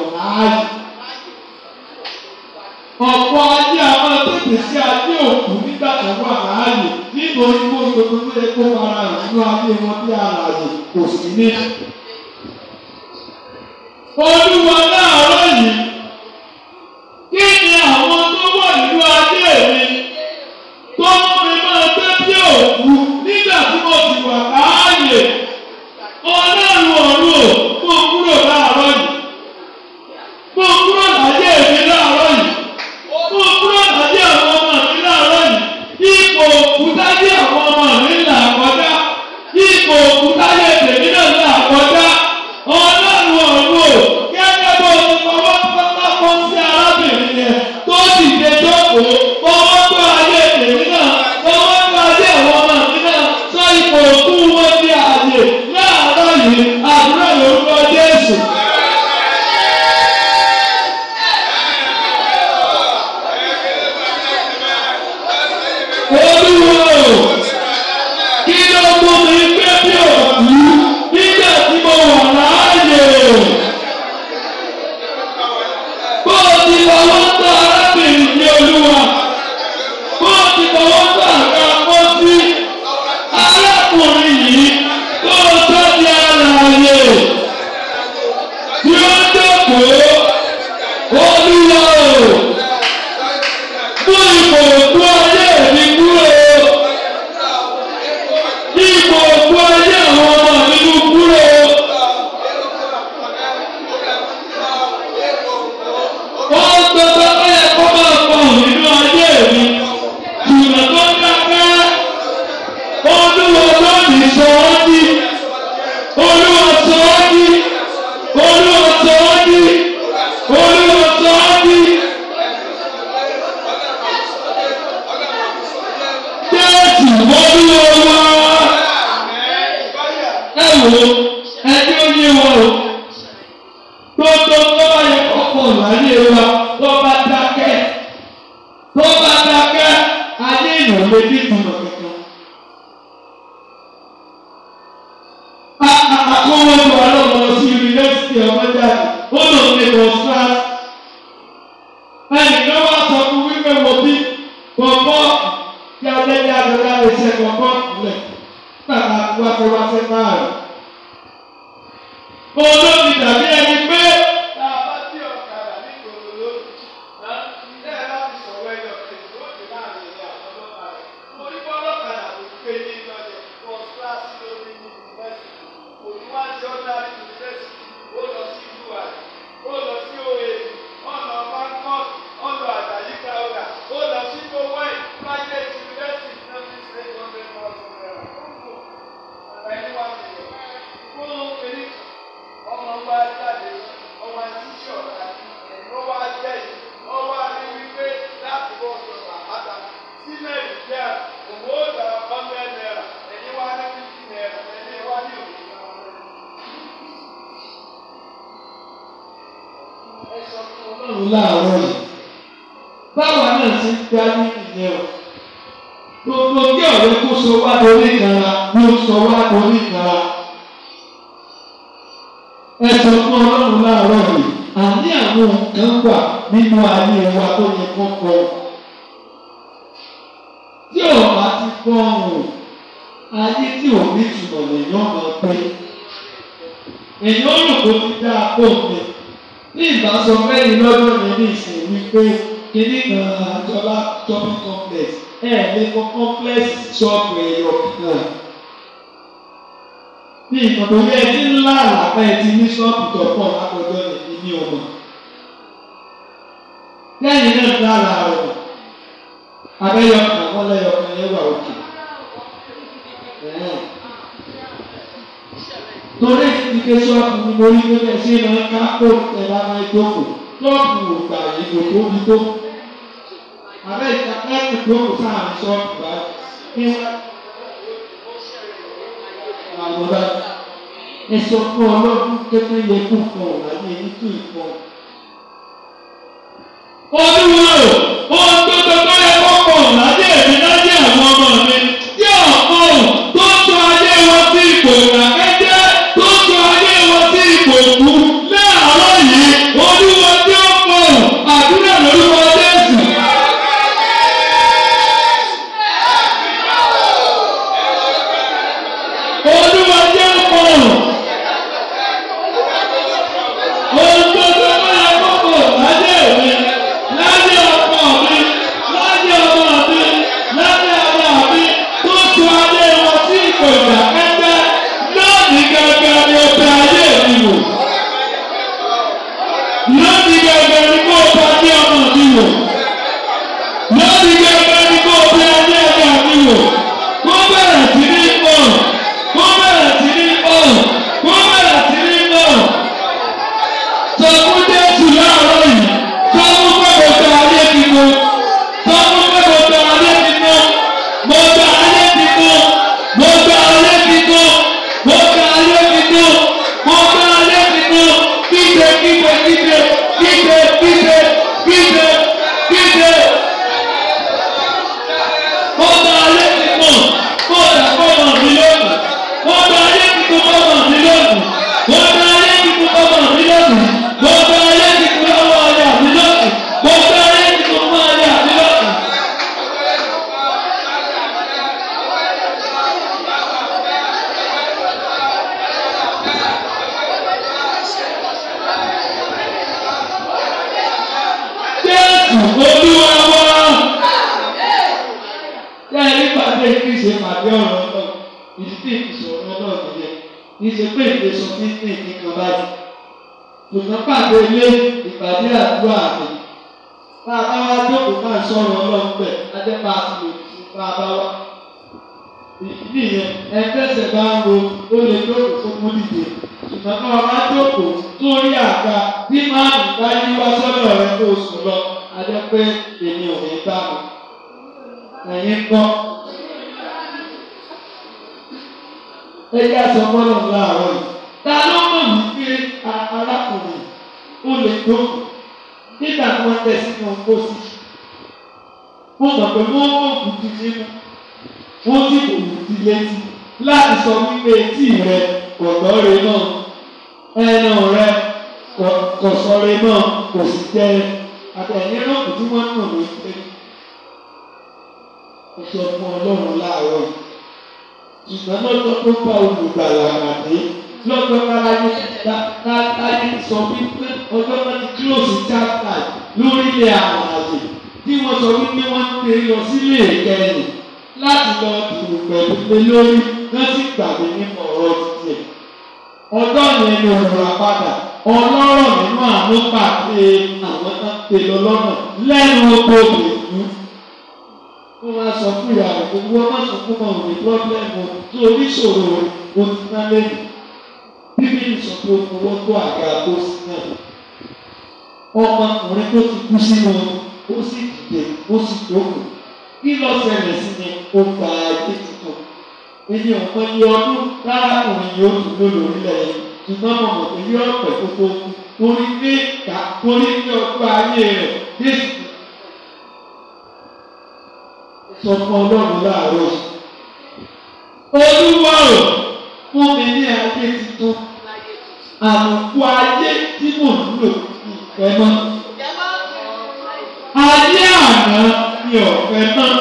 àdúrà bí wọn bí àlàyé kò sí ní. olúwa bàbá wa fọwọ́ sí máa. olóòtú tàbí ẹni pé. láàárọ̀ yìí báwa náà ti ń darí ìyẹn o gbogbo bí ọ̀rẹ́ kó so wá dorí ìnara ló sọ wá dorí ìnara ẹ sọ fún ọlọ́run láàárọ̀ yìí àní àwọn nǹkan wà nínú ayé wa tó yẹ kó kọ tí ọ̀rọ̀ àti gbọ́ọ̀rùn ayé tí ò ní ìtumọ̀ lèyàn máa pé èyàn rò kó ti dáa kó o ní ìbáṣọ mẹ́rin lọ́dún mi ní ìsìn wípé kíní kan àjọlá tọ́pì complex ẹ̀ ní kọ́ complex ṣọ́ọ̀bù ẹ̀yọ̀ kan. ní ìkọ̀tọ̀ bí ẹ ti ń lá àlàpà ẹ ti ní ṣọ́ọ̀bù tó pọ̀ lákọjọ́ ní ní ọmọ. lẹ́yìn náà lára ọ̀rọ̀ abẹ́yọ̀ kan wọ́n lẹ́yọ̀ kan yẹ́wà òkè torí ìdíkẹ́ ṣọ́ọ̀bù ni mo rí pé ṣé máa ká kó ẹ̀rọ máa jókòó ṣọ́ọ̀bù ò gbà ìdòkó mi tó. Àbẹ́ ìta ẹ̀kú tó kù sáà ń ṣọ́ọ̀bù bá kí wọ́n. Àgbọ̀dá ẹ sọ fún ọlọ́dún kékeré yẹ kó fọ ọ̀la ní ẹni tó ìfọ. Olúwo ohun tó tó bá yẹ kó fọ ọ̀la dé èmi àwọn ọmọ mi. Yóò fọ tó tó ayé wọn sí ìpò. sọ̀rọ̀ ọlọ́run bẹ̀ ajẹ́pà àti ìfúnpá bá wá. Ìdí yẹn ẹgbẹ́sẹ̀ bá ń wo ó lè jókòó fún múlìdè. Ṣùgbọ́n náà wá jókòó sórí àga bí máa ń bá yí wá sọ́dọ̀ rẹ tó sùn lọ. Ajẹ́ pé èmi ò ní bá mi. Ẹ̀yin gbọ́. Ẹ yá sọ gbọ́dọ̀ láàárọ̀ yìí. Ta ló mọ̀ wípé arákùnrin ó lè jókòó? Nígbà tí wọ́n tẹ̀ sínú pósí wọ́n mọ̀ pé wọ́n wọ́n kù ti nínú wọ́n sì kò kù ti létí láti sọ wípé etí rẹ kò lọ́ọ̀rẹ́ náà ẹnu rẹ kò sọ̀rẹ́ náà kò sì jẹ́ àtẹ̀yìn náà kò tí wọ́n nù ní pé o sọ fún ọlọ́run láàárọ̀ ṣùgbọ́n lọ́jọ́ tó bá olùgbàlà àdé lọ́jọ́ káláyé sọ wípé ọjọ́ náà ti kílòsì chapter lórílẹ̀ àwọn àyè tí wọ́n sọ wípé wọ́n gbé lọ sílé ìkẹyìn láti lọ dùn pẹ̀lú pé lórí wọ́n sì gbàgbé nípa ọ̀rọ̀ títì ẹ̀. ọ̀dọ́ yẹn ni òrùra padà ọlọ́rọ̀ nínú àwọn pàṣẹ àwọn èlò lọ́nà lẹ́nu oko òbí ó wá sọ fún ìyá rẹ̀ gbogbo ọmọ sọ̀kún mọ̀ òní pọ́blẹ́mù tó oníṣòro onínálẹ́nu bíbélì sọ pé ó fọwọ́ tó àga àgbo sí náà ọmọkùnrin tó ti kú sínú ọmọ ó sì dìde ó sì dókò kí lọ ṣẹlẹ̀ sí ni ó gba ayé tuntun èyí ọ̀pọ̀ iye ọdún lárakùnrin yóò tún lò lórílẹ̀ yìí ṣùgbọ́n mo mọ̀ pé yóò pẹ̀ kó tó kú torí pé kà torí pé ọgbà ayé rẹ̀ dé sọ fún ọlọ́run láàárọ̀ yìí. Olúwa ò fún mi ní ayé tuntun àlùkò ayé tí mò ń lò ìfẹ́ mọ́. Adé àná ni ọ̀fẹ́ àná.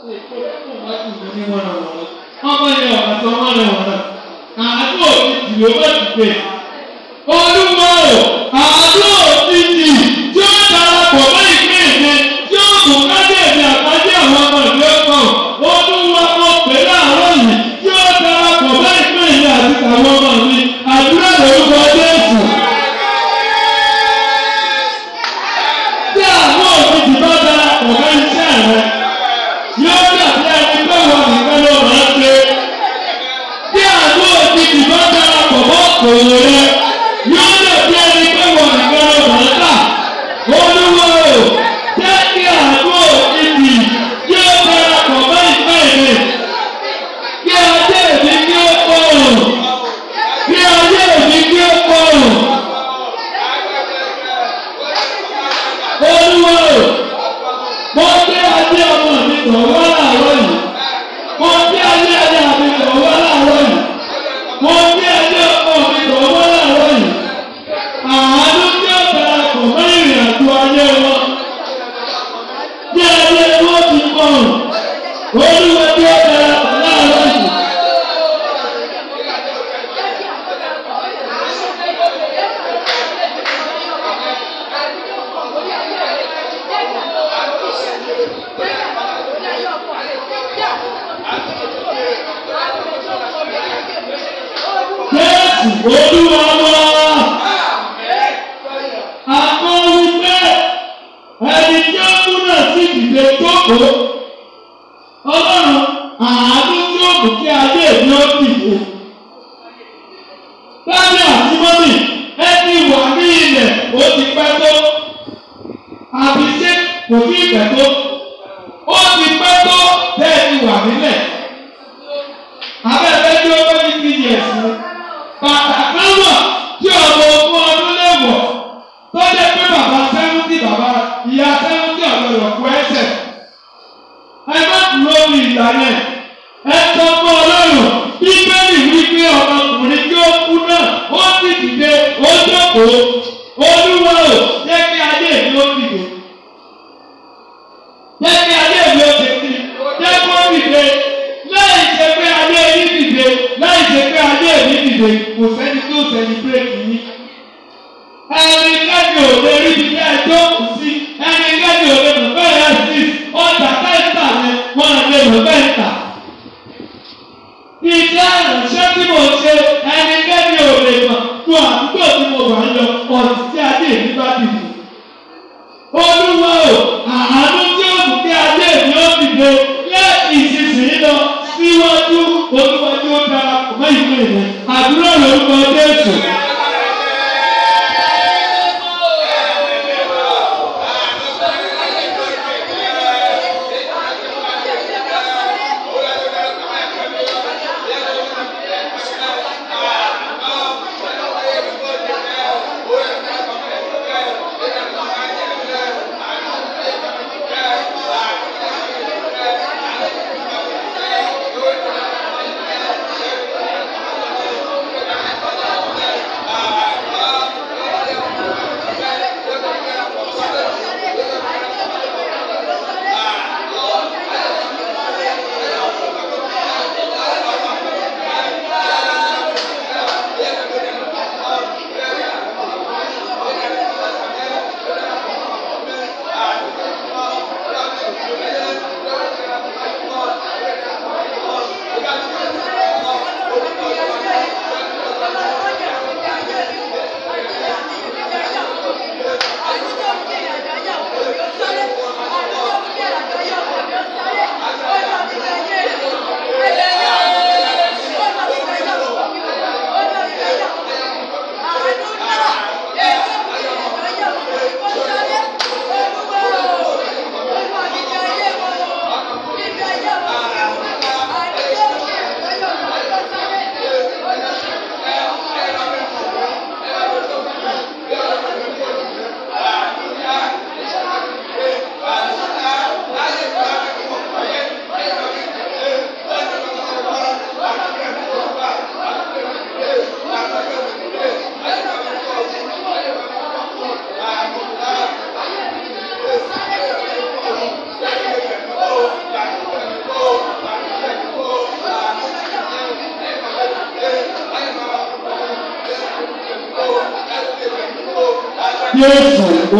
ọmọ yẹn àti ọmọ yẹn wà náà àdúgbò ti dìbò bá ti gbé ọdún márùn.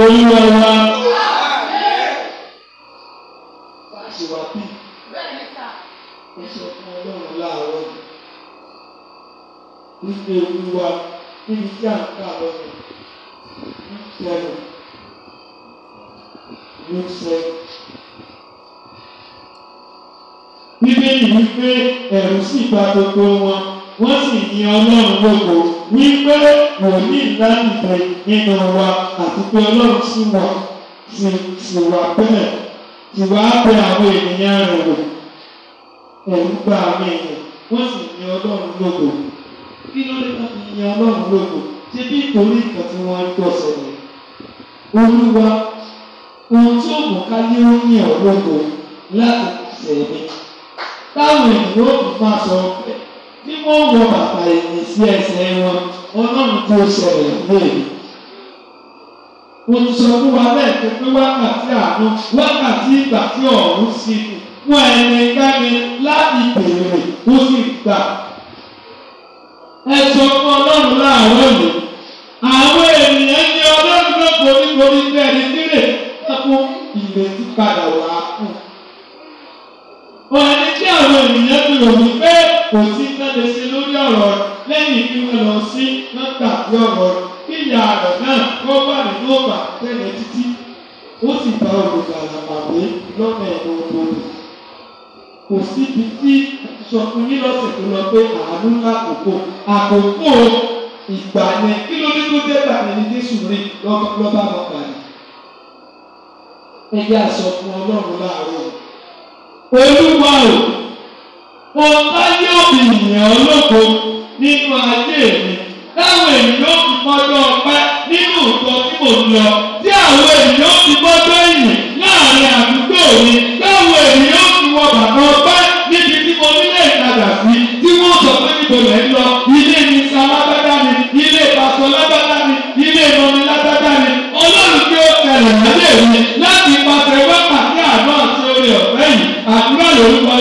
وَإِلَى òfin ọlọ́run sì wà sì sì wà bẹ́ẹ̀ sì wà bẹ àwọn ènìyàn rẹ̀ wò ẹ̀rú gba àwọn èèyàn wọ́n sì ní ọlọ́run lógo kí ló lè wọ́n ní ọlọ́run lógo ṣé bí ìtòrí ń sọ fún wa lẹ́ẹ̀kan pé wákàtí àánú wákàtí ìgbà tí ọ̀run sì kù fún ẹnikẹ́ni láti béèrè ó sì gbà. ẹ sọ fún ọlọ́run láàárọ̀ yìí àwọn ènìyàn ní ọlọ́run náà koríkorí bẹ́ẹ̀ni sílẹ̀ kó ìrètí padà wá fún. ọ̀rẹ́ tí àwọn ènìyàn ti rò wípé kò sí tẹ́lẹ̀ sí lórí ọ̀rọ̀ lẹ́yìn ìpínlẹ̀ lọ sí lọ́gbà tí ọ̀rọ̀ rẹ̀ níyà rẹ̀ náà ó wà nínú ọ̀bà tẹ́lẹ̀ títí ó sì bá olùgbàlà pàdé lọ́nà ẹ̀rọ òbòdò kò síbi tí sọ fún yín lọ́sẹ̀ tó lọ pé àánú ńlá àkókò àkókò ìgbà ni kí ló dé tó dé gbà ní ní Jésù rí lọ́ba lọ́ba ni ẹ jẹ́ àsọ fún Ọlọ́run láàárọ̀ Olúwa o ọba yóò bìyàn ọlọ́kọ nínú ayé mi táwọn ènìyàn ti mọ́jọ́ ọpẹ́ nínú ìjọ tí mò ń lọ tí àwọn ènìyàn ti mọ́jọ́ ìyìn láàrin àdúgbò mi táwọn ènìyàn ti wọ bàbá ọpẹ́ níbi tí mo nílé ìtajà sí tí wọ́n sọ pé níbo lẹ́ ń lọ ilé mi sa lágbádá mi ilé ìpasọ̀ lágbádá mi ilé ìmọ̀mi lágbádá mi ọlọ́run tí ó kẹlẹ̀ lálẹ́ mi láti pàṣẹ wákàtí àná àti orí ọ̀fẹ́ yìí àdúrà lórúkọ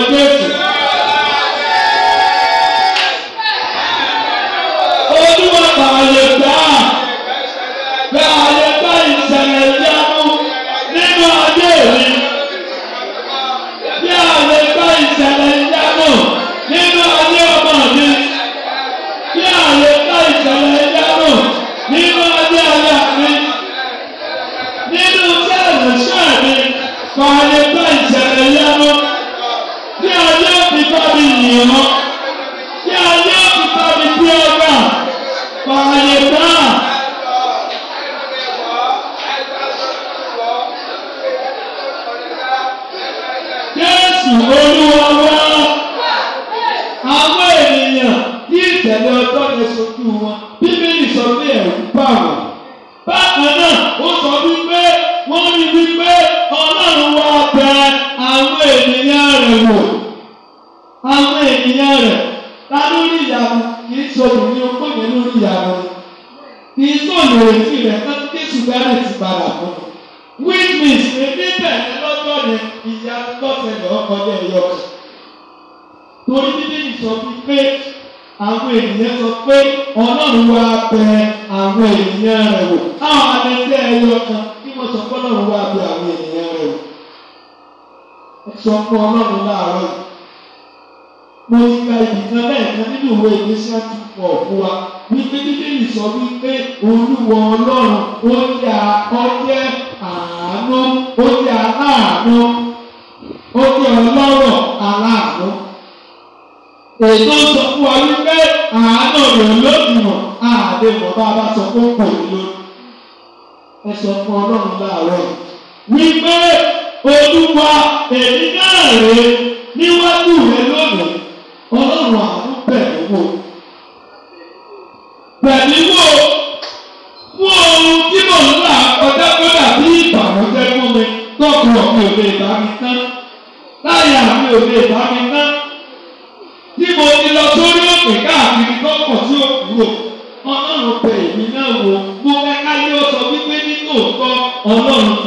no.